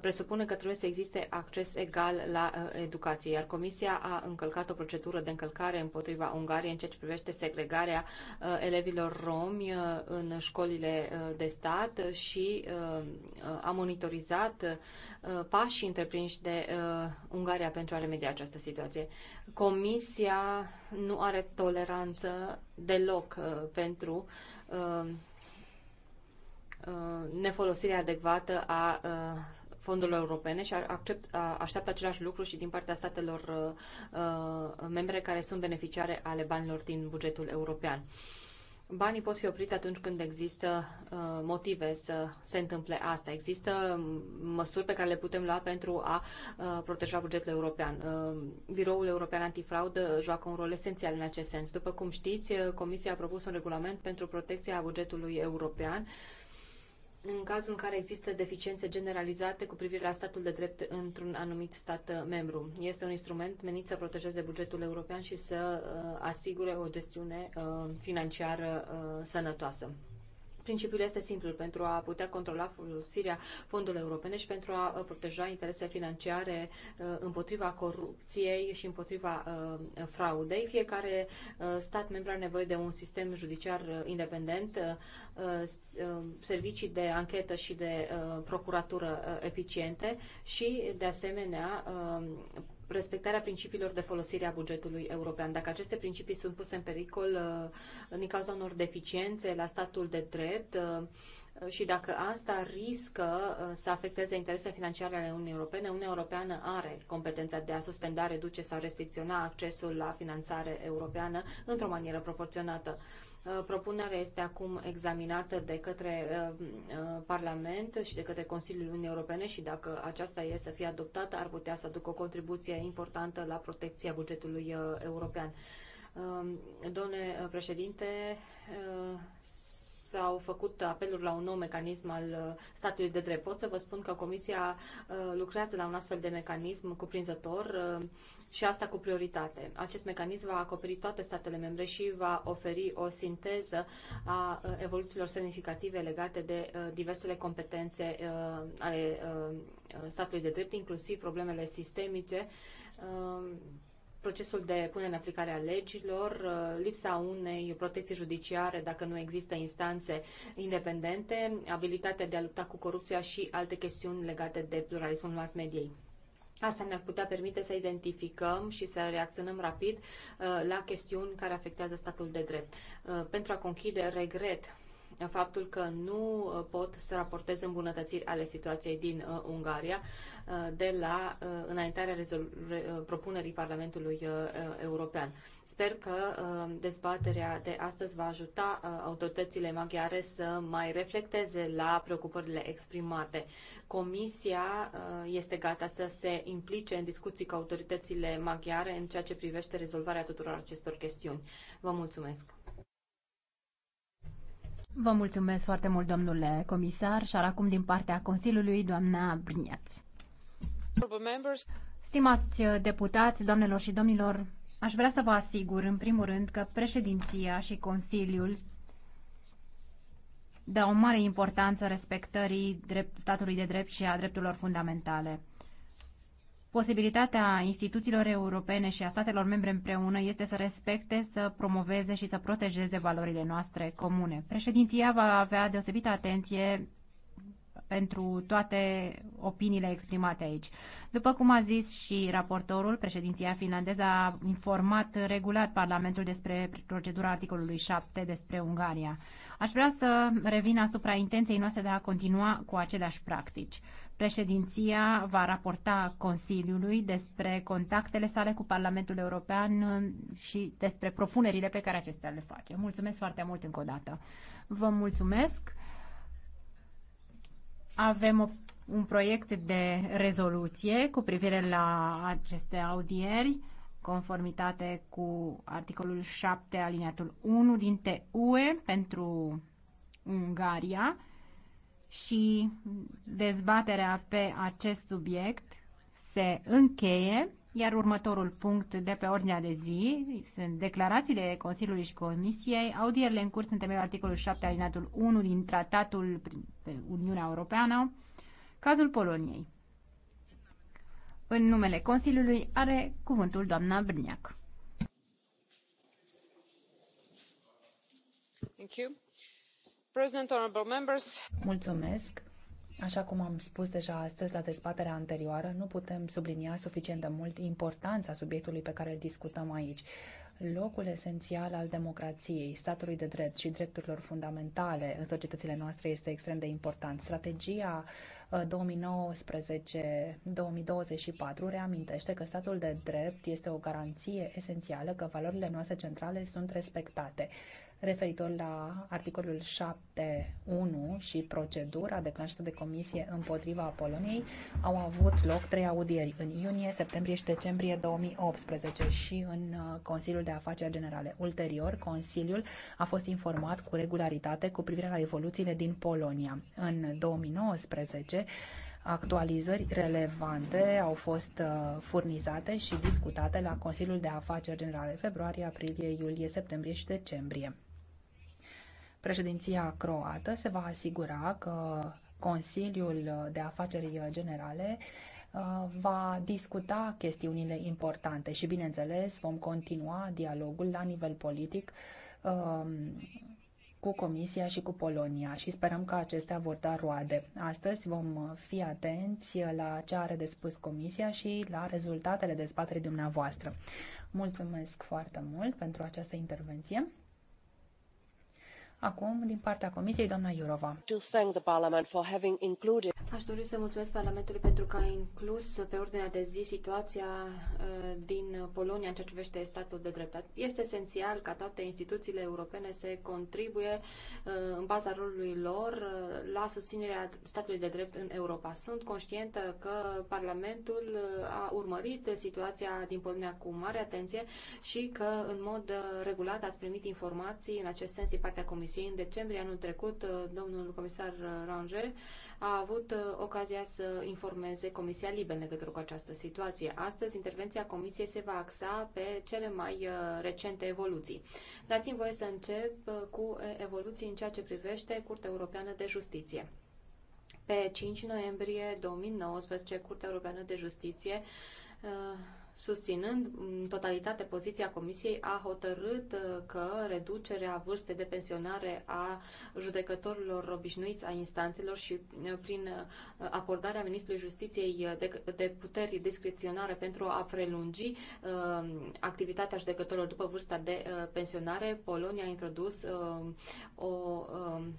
S3: presupune că trebuie să existe acces egal la educație, iar Comisia a încălcat o procedură de încălcare împotriva Ungariei în ceea ce privește segregarea elevilor romi în școlile de stat și a monitorizat pașii întreprinși de Ungaria pentru a remedia această situație. Comisia nu are toleranță deloc uh, pentru uh, uh, nefolosirea adecvată a fondurilor europene și accept, așteaptă același lucru și din partea statelor membre care sunt beneficiare ale banilor din bugetul european. Banii pot fi opriți atunci când există uh, motive să se întâmple asta. Există măsuri pe care le putem lua pentru a uh, proteja bugetul european. Uh, Biroul European Antifraudă joacă un rol esențial în acest sens. După cum știți, uh, Comisia a propus un regulament pentru protecția bugetului european uh, în cazul în care există deficiențe generalizate cu privire la statul de drept într-un anumit stat membru. Este un instrument menit să protejeze bugetul european și să uh, asigure o gestiune uh, financiară uh, sănătoasă. Principiul este simplu pentru a putea controla folosirea fondurilor europene și pentru a uh, proteja interesele financiare uh, împotriva corupției și împotriva uh, fraudei. Fiecare stat membru are nevoie de un sistem judiciar independent, servicii de anchetă și de procuratură eficiente și, de asemenea, respectarea principiilor de folosire a bugetului european. Dacă aceste principii sunt puse în pericol uh, din cauza unor deficiențe la statul de drept, uh, și dacă asta riscă uh, să afecteze interesele financiare ale Uniunii Europene, Uniunea Europeană are competența de a suspenda, reduce sau restricționa accesul la finanțare europeană într-o manieră proporționată. Uh, propunerea este acum examinată de către uh, uh, Parlament și de către Consiliul Uniunii Europene și dacă aceasta este să fie adoptată, ar putea să aducă o contribuție importantă la protecția bugetului european. Domnule președinte, s-au făcut apeluri la un nou mecanism al uh, statului de drept. Pot să vă spun că Comisia uh, lucrează la un astfel de mecanism cuprinzător uh, și asta cu prioritate. Acest mecanism va acoperi toate statele membre și va oferi o sinteză a evoluțiilor semnificative legate de diversele competențe ale statului de drept, inclusiv problemele sistemice procesul de punere în aplicare a legilor, uh, lipsa unei protecții judiciare dacă nu există instanțe independente, abilitatea de a lupta cu corupția și alte chestiuni legate de pluralismul mass mediei. Asta ne-ar putea permite să identificăm și să reacționăm rapid uh, la chestiuni care afectează statul de drept. Uh, pentru a conchide, regret faptul că nu uh, pot să raporteze îmbunătățiri ale situației din uh, Ungaria uh, de la înaintarea propunerii Parlamentului European. Sper că dezbaterea de astăzi va ajuta autoritățile maghiare să mai reflecteze la preocupările exprimate. Comisia este gata să se implice în discuții cu autoritățile maghiare în ceea ce privește rezolvarea tuturor acestor chestiuni. Vă mulțumesc!
S1: Vă mulțumesc foarte mult, domnule comisar, și acum din partea Consiliului, doamna Brignaț. Stimați deputați, doamnelor și domnilor, aș vrea să vă asigur, în primul rând, că președinția și Consiliul dă o mare importanță respectării drept, statului de drept și a drepturilor fundamentale. Posibilitatea instituțiilor europene și a statelor membre împreună este să respecte, să promoveze și să protejeze valorile noastre comune. Președinția va avea deosebită atenție pentru toate opiniile exprimate aici. După cum a zis și raportorul, președinția finlandeză a informat regulat Parlamentul despre procedura articolului 7 despre Ungaria. Aș vrea să revin asupra intenției noastre de a continua cu aceleași practici. Președinția va raporta Consiliului despre contactele sale cu Parlamentul European și despre propunerile pe care acestea le face. Mulțumesc foarte mult încă o dată. Vă mulțumesc. Avem o, un proiect de rezoluție cu privire la aceste audieri conformitate cu articolul 7 aliniatul 1 din TUE pentru Ungaria și dezbaterea pe acest subiect se încheie, iar următorul punct de pe ordinea de zi sunt declarațiile Consiliului și Comisiei, audierile în curs în temeiul articolului 7 alinatul 1 din Tratatul pe Uniunea Europeană, cazul Poloniei. În numele Consiliului are cuvântul doamna Brniac. Thank you.
S2: Mulțumesc. Așa cum am spus deja astăzi la dezbaterea anterioară, nu putem sublinia suficient de mult importanța subiectului pe care îl discutăm aici. Locul esențial al democrației, statului de drept și drepturilor fundamentale în societățile noastre este extrem de important. Strategia 2019-2024 uh, reamintește că statul de drept este o garanție esențială că valorile noastre centrale sunt respectate referitor la articolul 7.1 și procedura declanșată de comisie împotriva Poloniei, au avut loc trei audieri în iunie, septembrie și decembrie 2018 și în uh, Consiliul de Afaceri Generale. Ulterior, Consiliul a fost informat cu regularitate cu privire la evoluțiile din Polonia. În 2019, actualizări relevante au fost uh, furnizate și discutate la Consiliul de Afaceri Generale februarie, aprilie, iulie, septembrie și decembrie. Președinția croată se va asigura că Consiliul de Afaceri Generale uh, va discuta chestiunile importante și, bineînțeles, vom continua dialogul la nivel politic um, cu Comisia și cu Polonia și sperăm că acestea vor da roade. Astăzi vom fi atenți la ce are de spus Comisia și la rezultatele dezbaterii dumneavoastră. Mulțumesc foarte mult pentru această intervenție. Acum, din partea Comisiei, doamna Iurova.
S3: Aș dori să mulțumesc Parlamentului pentru că a inclus pe ordinea de zi situația uh, din Polonia în ceea ce privește statul de drept. Este esențial ca toate instituțiile europene să contribuie uh, în baza rolului lor uh, la susținerea statului de drept în Europa. Sunt conștientă că Parlamentul a urmărit situația din Polonia cu mare atenție și că în mod regulat ați primit informații în acest sens din partea Comisiei. Comisiei. În decembrie anul trecut, uh, domnul comisar uh, Ranger a avut uh, ocazia să informeze Comisia Libe în legătură cu această situație. Astăzi, intervenția Comisiei se va axa pe cele mai recente evoluții. Dați-mi voie să încep cu evoluții în ceea ce privește Curtea Europeană de Justiție. Pe 5 noiembrie 2019, Curtea Europeană de Justiție susținând în totalitate poziția Comisiei, a hotărât uh, că reducerea vârstei de pensionare a judecătorilor obișnuiți a instanțelor și uh, prin uh, acordarea Ministrului Justiției de, de puteri discreționare pentru a prelungi uh, activitatea judecătorilor după vârsta de uh, pensionare, Polonia a introdus uh, o um,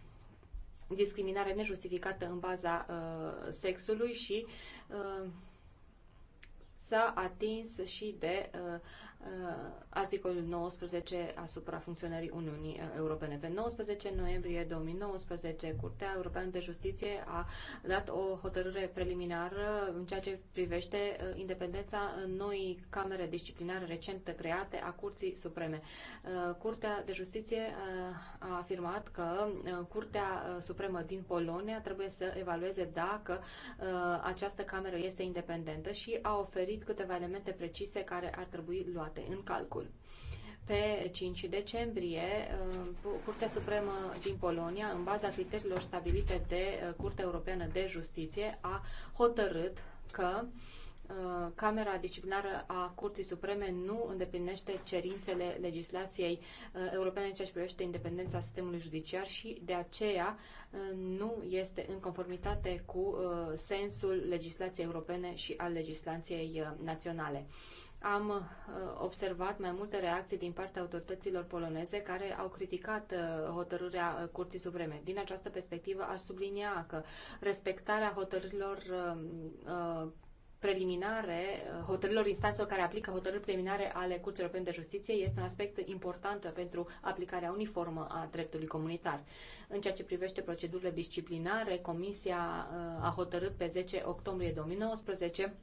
S3: discriminare nejustificată în baza sexului și s-a atins și de uh, Uh, articolul 19 asupra funcționării Uniunii uh, Europene. Pe 19 noiembrie 2019, Curtea Europeană de Justiție a dat o hotărâre preliminară în ceea ce privește uh, independența noii camere disciplinare recent create a Curții Supreme. Curtea de Justiție a afirmat că Curtea Supremă din Polonia trebuie să evalueze dacă această cameră este independentă și a oferit câteva elemente precise care ar trebui luate luate în calcul. Pe 5 decembrie, uh, Curtea Supremă din Polonia, în baza criteriilor stabilite de uh, Curtea Europeană de Justiție, a hotărât că uh, Camera Disciplinară a Curții Supreme nu îndeplinește cerințele legislației europene în ceea ce privește independența sistemului judiciar și de aceea nu este în conformitate cu sensul legislației europene și al legislației naționale am uh, observat mai multe reacții din partea autorităților poloneze care au criticat uh, hotărârea uh, Curții Supreme. Din această perspectivă, aș sublinia că respectarea hotărârilor preliminare, hotărârilor instanțelor care aplică hotărâri preliminare ale Curții Europene de Justiție este un aspect important pentru aplicarea uniformă a dreptului comunitar. În ceea ce privește procedurile disciplinare, Comisia a hotărât pe 10 octombrie 2019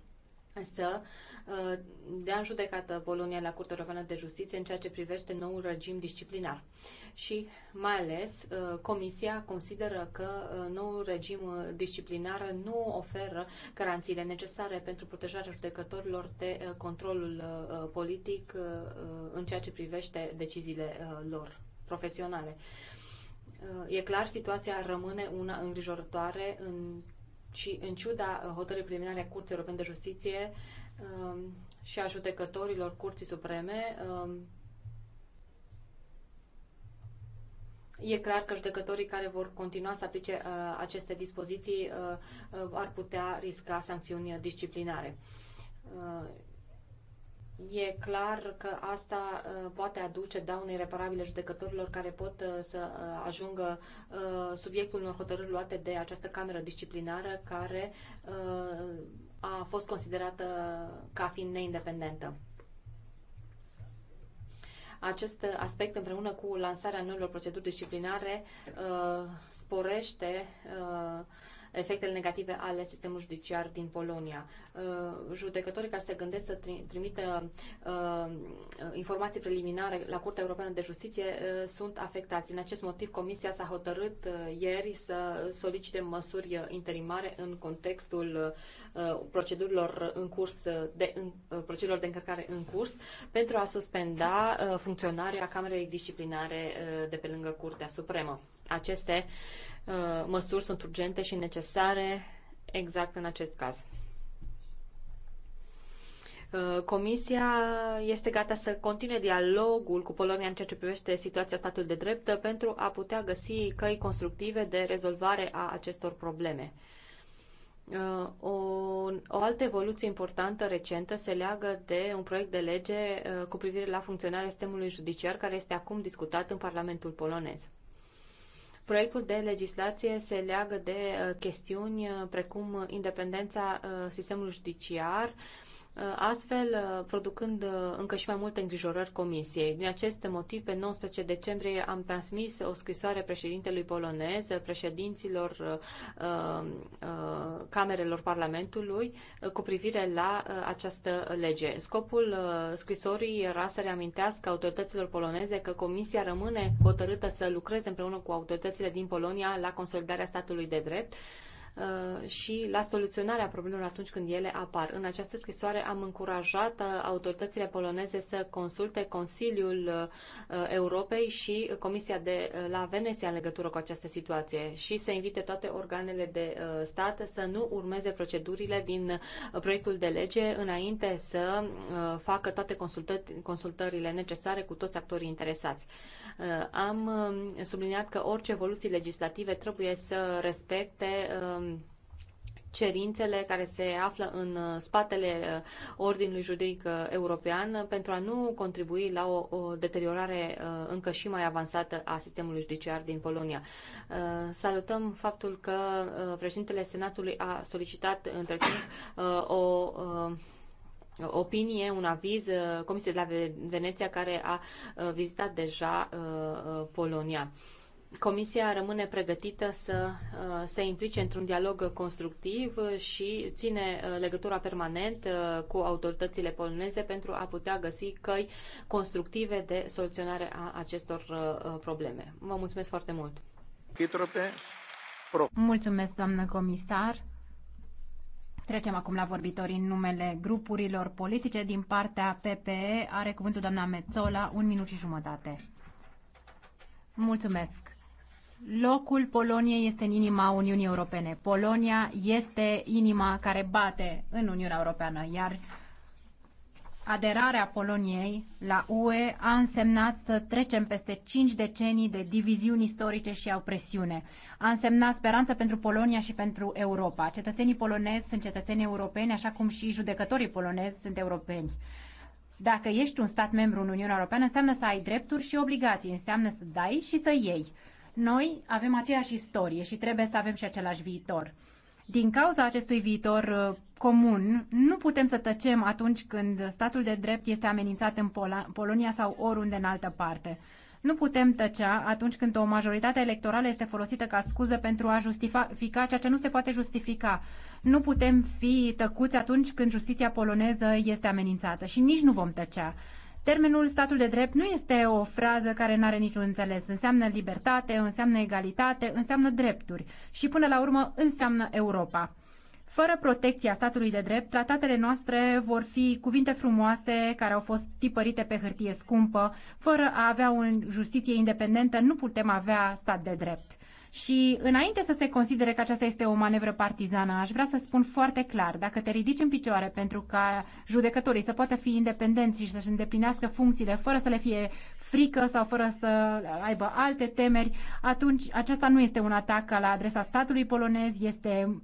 S3: să uh, dea în judecată Polonia la Curtea Europeană de Justiție în ceea ce privește noul regim disciplinar. Și mai ales uh, Comisia consideră că uh, noul regim disciplinar nu oferă garanțiile necesare pentru protejarea judecătorilor de controlul politic în ceea ce privește deciziile lor profesionale. E clar, situația rămâne una îngrijorătoare în și în ciuda uh, hotărârii preliminare a Curții Europene de Justiție um, și a judecătorilor Curții Supreme, um, E clar că judecătorii care vor continua să aplice uh, aceste dispoziții uh, uh, ar putea risca sancțiuni disciplinare. Uh, E clar că asta uh, poate aduce daune irreparabile judecătorilor care pot uh, să uh, ajungă subiectul unor hotărâri luate de această cameră disciplinară care a fost considerată ca fiind neindependentă. Acest aspect, împreună cu lansarea noilor proceduri disciplinare, sporește efectele negative ale sistemului judiciar din Polonia. Uh, judecătorii care se gândesc să trimită uh, informații preliminare la Curtea Europeană de Justiție uh, sunt afectați. În acest motiv, Comisia s-a hotărât ieri să solicite măsuri interimare în contextul procedurilor în curs de, în, procedurilor de încărcare în curs pentru a suspenda funcționarea Camerei Disciplinare de pe lângă Curtea Supremă aceste uh, măsuri sunt urgente și necesare exact în acest caz. Uh, comisia este gata să continue dialogul cu Polonia în ceea ce privește situația statului de drept pentru a putea găsi căi constructive de rezolvare a acestor probleme. Uh, o, o altă evoluție importantă recentă se leagă de un proiect de lege cu privire la funcționarea sistemului judiciar care este acum discutat în Parlamentul polonez. Proiectul de legislație se leagă de uh, chestiuni uh, precum independența uh, sistemului judiciar, Uh, astfel uh, producând uh, încă și mai multe îngrijorări comisiei. Din acest motiv, pe 19 decembrie am transmis o scrisoare președintelui polonez, președinților uh, uh, camerelor Parlamentului cu privire la uh, această lege. Scopul scrisorii era să reamintească autorităților poloneze că comisia rămâne hotărâtă să lucreze împreună cu autoritățile din Polonia la consolidarea statului de drept, uh, Uh, și la soluționarea problemelor atunci când ele apar. În această scrisoare am încurajat uh, autoritățile poloneze să consulte Consiliul uh, Europei și Comisia de la Veneția în legătură cu această situație și să invite toate organele de stat să nu urmeze procedurile din proiectul de lege înainte să facă toate consultările necesare cu toți actorii interesați. Am um, subliniat că orice evoluții legislative trebuie să respecte um, Um, cerințele care se află în uh, spatele uh, ordinului juridic uh, european pentru a nu contribui la o, o deteriorare încă și mai avansată a sistemului judiciar din Polonia. Salutăm faptul că președintele Senatului a solicitat între timp o opinie, un aviz Comisiei de la Veneția care a vizitat deja Polonia. Comisia rămâne pregătită să uh, se implice într-un dialog constructiv și ține uh, legătura permanent uh, cu autoritățile poloneze pentru a putea găsi căi constructive de soluționare a acestor probleme. Vă mulțumesc foarte mult!
S1: Mulțumesc, doamnă comisar! Trecem acum la vorbitorii în numele grupurilor politice. Din partea PPE are cuvântul doamna Mețola, un minut și jumătate. Mulțumesc! Locul Poloniei este în inima Uniunii Europene. Polonia este inima care bate în Uniunea Europeană, iar aderarea Poloniei la UE a însemnat să trecem peste cinci decenii de diviziuni istorice și presiune. A însemnat speranță pentru Polonia și pentru Europa. Cetățenii polonezi sunt cetățeni europeni, așa cum și judecătorii polonezi sunt europeni. Dacă ești un stat membru în Uniunea Europeană, înseamnă să ai drepturi și obligații, înseamnă să dai și să iei. Noi avem aceeași istorie și trebuie să avem și același viitor. Din cauza acestui viitor uh, comun, nu putem să tăcem atunci când statul de drept este amenințat în Pol- Polonia sau oriunde în altă parte. Nu putem tăcea atunci când o majoritate electorală este folosită ca scuză pentru a justifica ceea ce nu se poate justifica. Nu putem fi tăcuți atunci când justiția poloneză este amenințată și nici nu vom tăcea. Termenul statul de drept nu este o frază care nu are niciun înțeles. Înseamnă libertate, înseamnă egalitate, înseamnă drepturi și până la urmă înseamnă Europa. Fără protecția statului de drept, tratatele noastre vor fi cuvinte frumoase care au fost tipărite pe hârtie scumpă. Fără a avea o justiție independentă, nu putem avea stat de drept. Și înainte să se considere că aceasta este o manevră partizană, aș vrea să spun foarte clar, dacă te ridici în picioare pentru ca judecătorii să poată fi independenți și să-și îndeplinească funcțiile fără să le fie frică sau fără să aibă alte temeri, atunci acesta nu este un atac la adresa statului polonez, este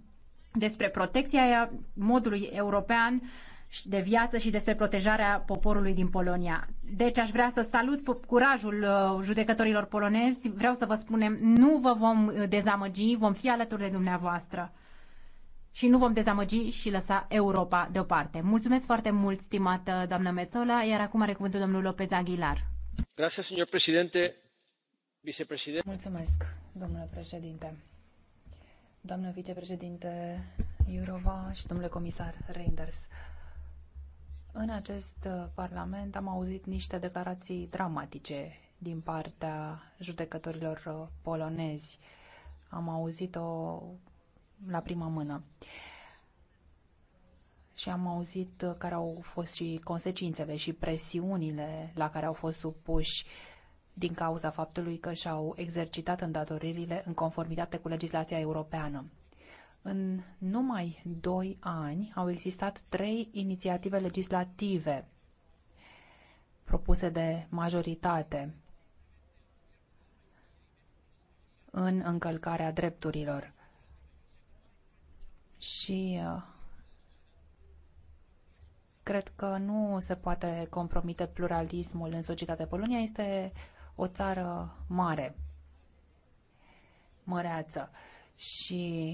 S1: despre protecția modului european de viață și despre protejarea poporului din Polonia. Deci aș vrea să salut curajul uh, judecătorilor polonezi. Vreau să vă spunem, nu vă vom uh, dezamăgi, vom fi alături de dumneavoastră și nu vom dezamăgi și lăsa Europa deoparte. Mulțumesc foarte mult, stimată doamnă Mețola, iar acum are cuvântul domnul Lopez Aguilar.
S2: Gracias, señor presidente. Vicepreședinte. Mulțumesc, domnule președinte. Doamnă vicepreședinte Iurova și domnule comisar Reinders. În acest uh, Parlament am auzit niște declarații dramatice din partea judecătorilor uh, polonezi. Am auzit-o la prima mână. Și am auzit uh, care au fost și consecințele și presiunile la care au fost supuși din cauza faptului că și-au exercitat îndatoririle în conformitate cu legislația europeană. În numai doi ani au existat trei inițiative legislative propuse de majoritate în încălcarea drepturilor. Și uh, cred că nu se poate compromite pluralismul în societate. Polonia este o țară mare, măreață și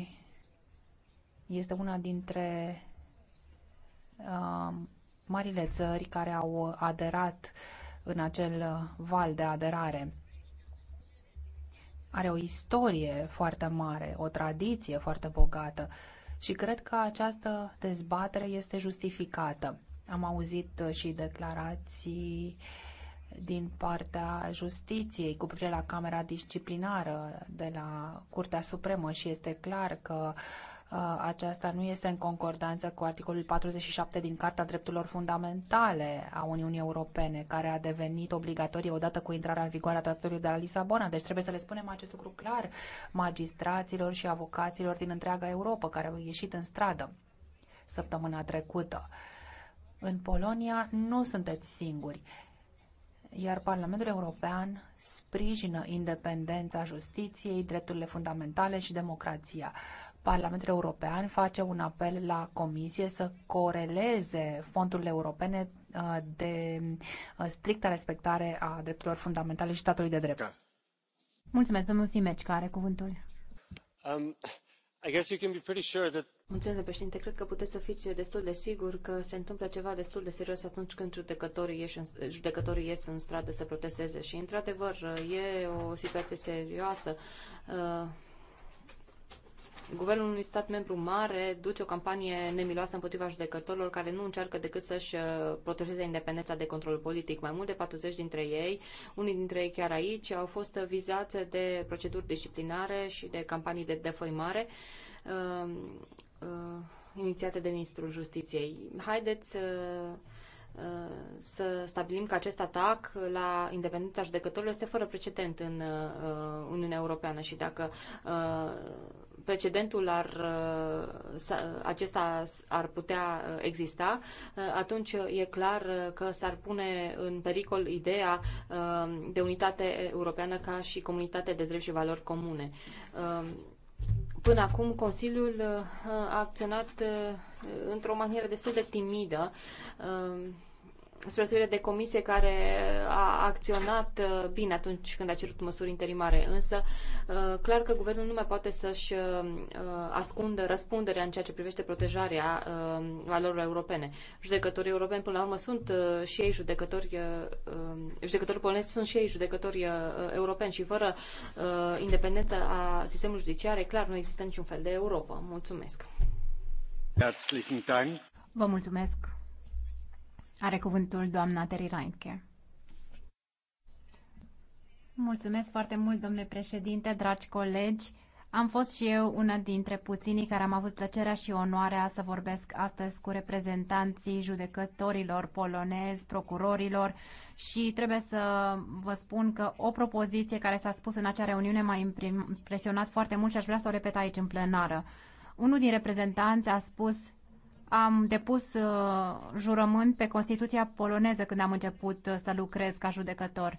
S2: este una dintre uh, marile țări care au aderat în acel val de aderare. Are o istorie foarte mare, o tradiție foarte bogată și cred că această dezbatere este justificată. Am auzit și declarații din partea justiției cu privire la Camera Disciplinară de la Curtea Supremă și este clar că uh, Uh, aceasta nu este în concordanță cu articolul 47 din Carta Drepturilor Fundamentale a Uniunii Europene, care a devenit obligatorie odată cu intrarea în vigoare a tratatului de la Lisabona. Deci trebuie să le spunem acest lucru clar magistraților și avocaților din întreaga Europa care au ieșit în stradă săptămâna trecută. În Polonia nu sunteți singuri iar Parlamentul European sprijină independența justiției, drepturile fundamentale și democrația. Parlamentul European face un apel la Comisie să coreleze fondurile europene uh, de uh, strictă respectare a drepturilor fundamentale și statului de drept. Da. Mulțumesc, domnul Simeci, care are cuvântul.
S3: Um, sure that... Mulțumesc, președinte. Cred că puteți să fiți destul de sigur că se întâmplă ceva destul de serios atunci când judecătorii ies în, judecătorii ies în stradă să protesteze. Și, într-adevăr, e o situație serioasă. Uh, Guvernul unui stat membru mare duce o campanie nemiloasă împotriva judecătorilor care nu încearcă decât să-și uh, protejeze independența de control politic. Mai mult de 40 dintre ei, unii dintre ei chiar aici, au fost vizați de proceduri disciplinare și de campanii de defăimare uh, uh, inițiate de Ministrul Justiției. Haideți uh, uh să stabilim că acest atac la independența judecătorilor este fără precedent în uh, Uniunea Europeană și dacă precedentul ar, acesta ar putea exista, atunci e clar că s-ar pune în pericol ideea uh, de unitate europeană ca și comunitate de drept și valori comune. Uh, până acum, Consiliul uh, a acționat într-o manieră destul de timidă spre deosebire de comisie care uh, a acționat uh, bine atunci când a cerut măsuri interimare. Însă, uh, clar că guvernul nu mai poate să-și ascundă răspunderea în ceea ce privește protejarea valorilor europene. Judecătorii europeni, până la urmă, sunt și ei judecători, judecătorii polonezi sunt și ei judecători europeni și fără independența a sistemului judiciar, e clar, nu există niciun fel de Europa. Mulțumesc! Vă
S1: mulțumesc! Are cuvântul doamna Terry Reinke. Mulțumesc foarte mult, domnule președinte, dragi colegi. Am fost și eu una dintre puținii care am avut plăcerea și onoarea să vorbesc astăzi cu reprezentanții judecătorilor polonezi, procurorilor și trebuie să vă spun că o propoziție care s-a spus în acea reuniune m-a impresionat foarte mult și aș vrea să o repet aici în plenară. Unul din reprezentanți a spus am depus uh, jurământ pe Constituția poloneză când am început uh, să lucrez ca judecător.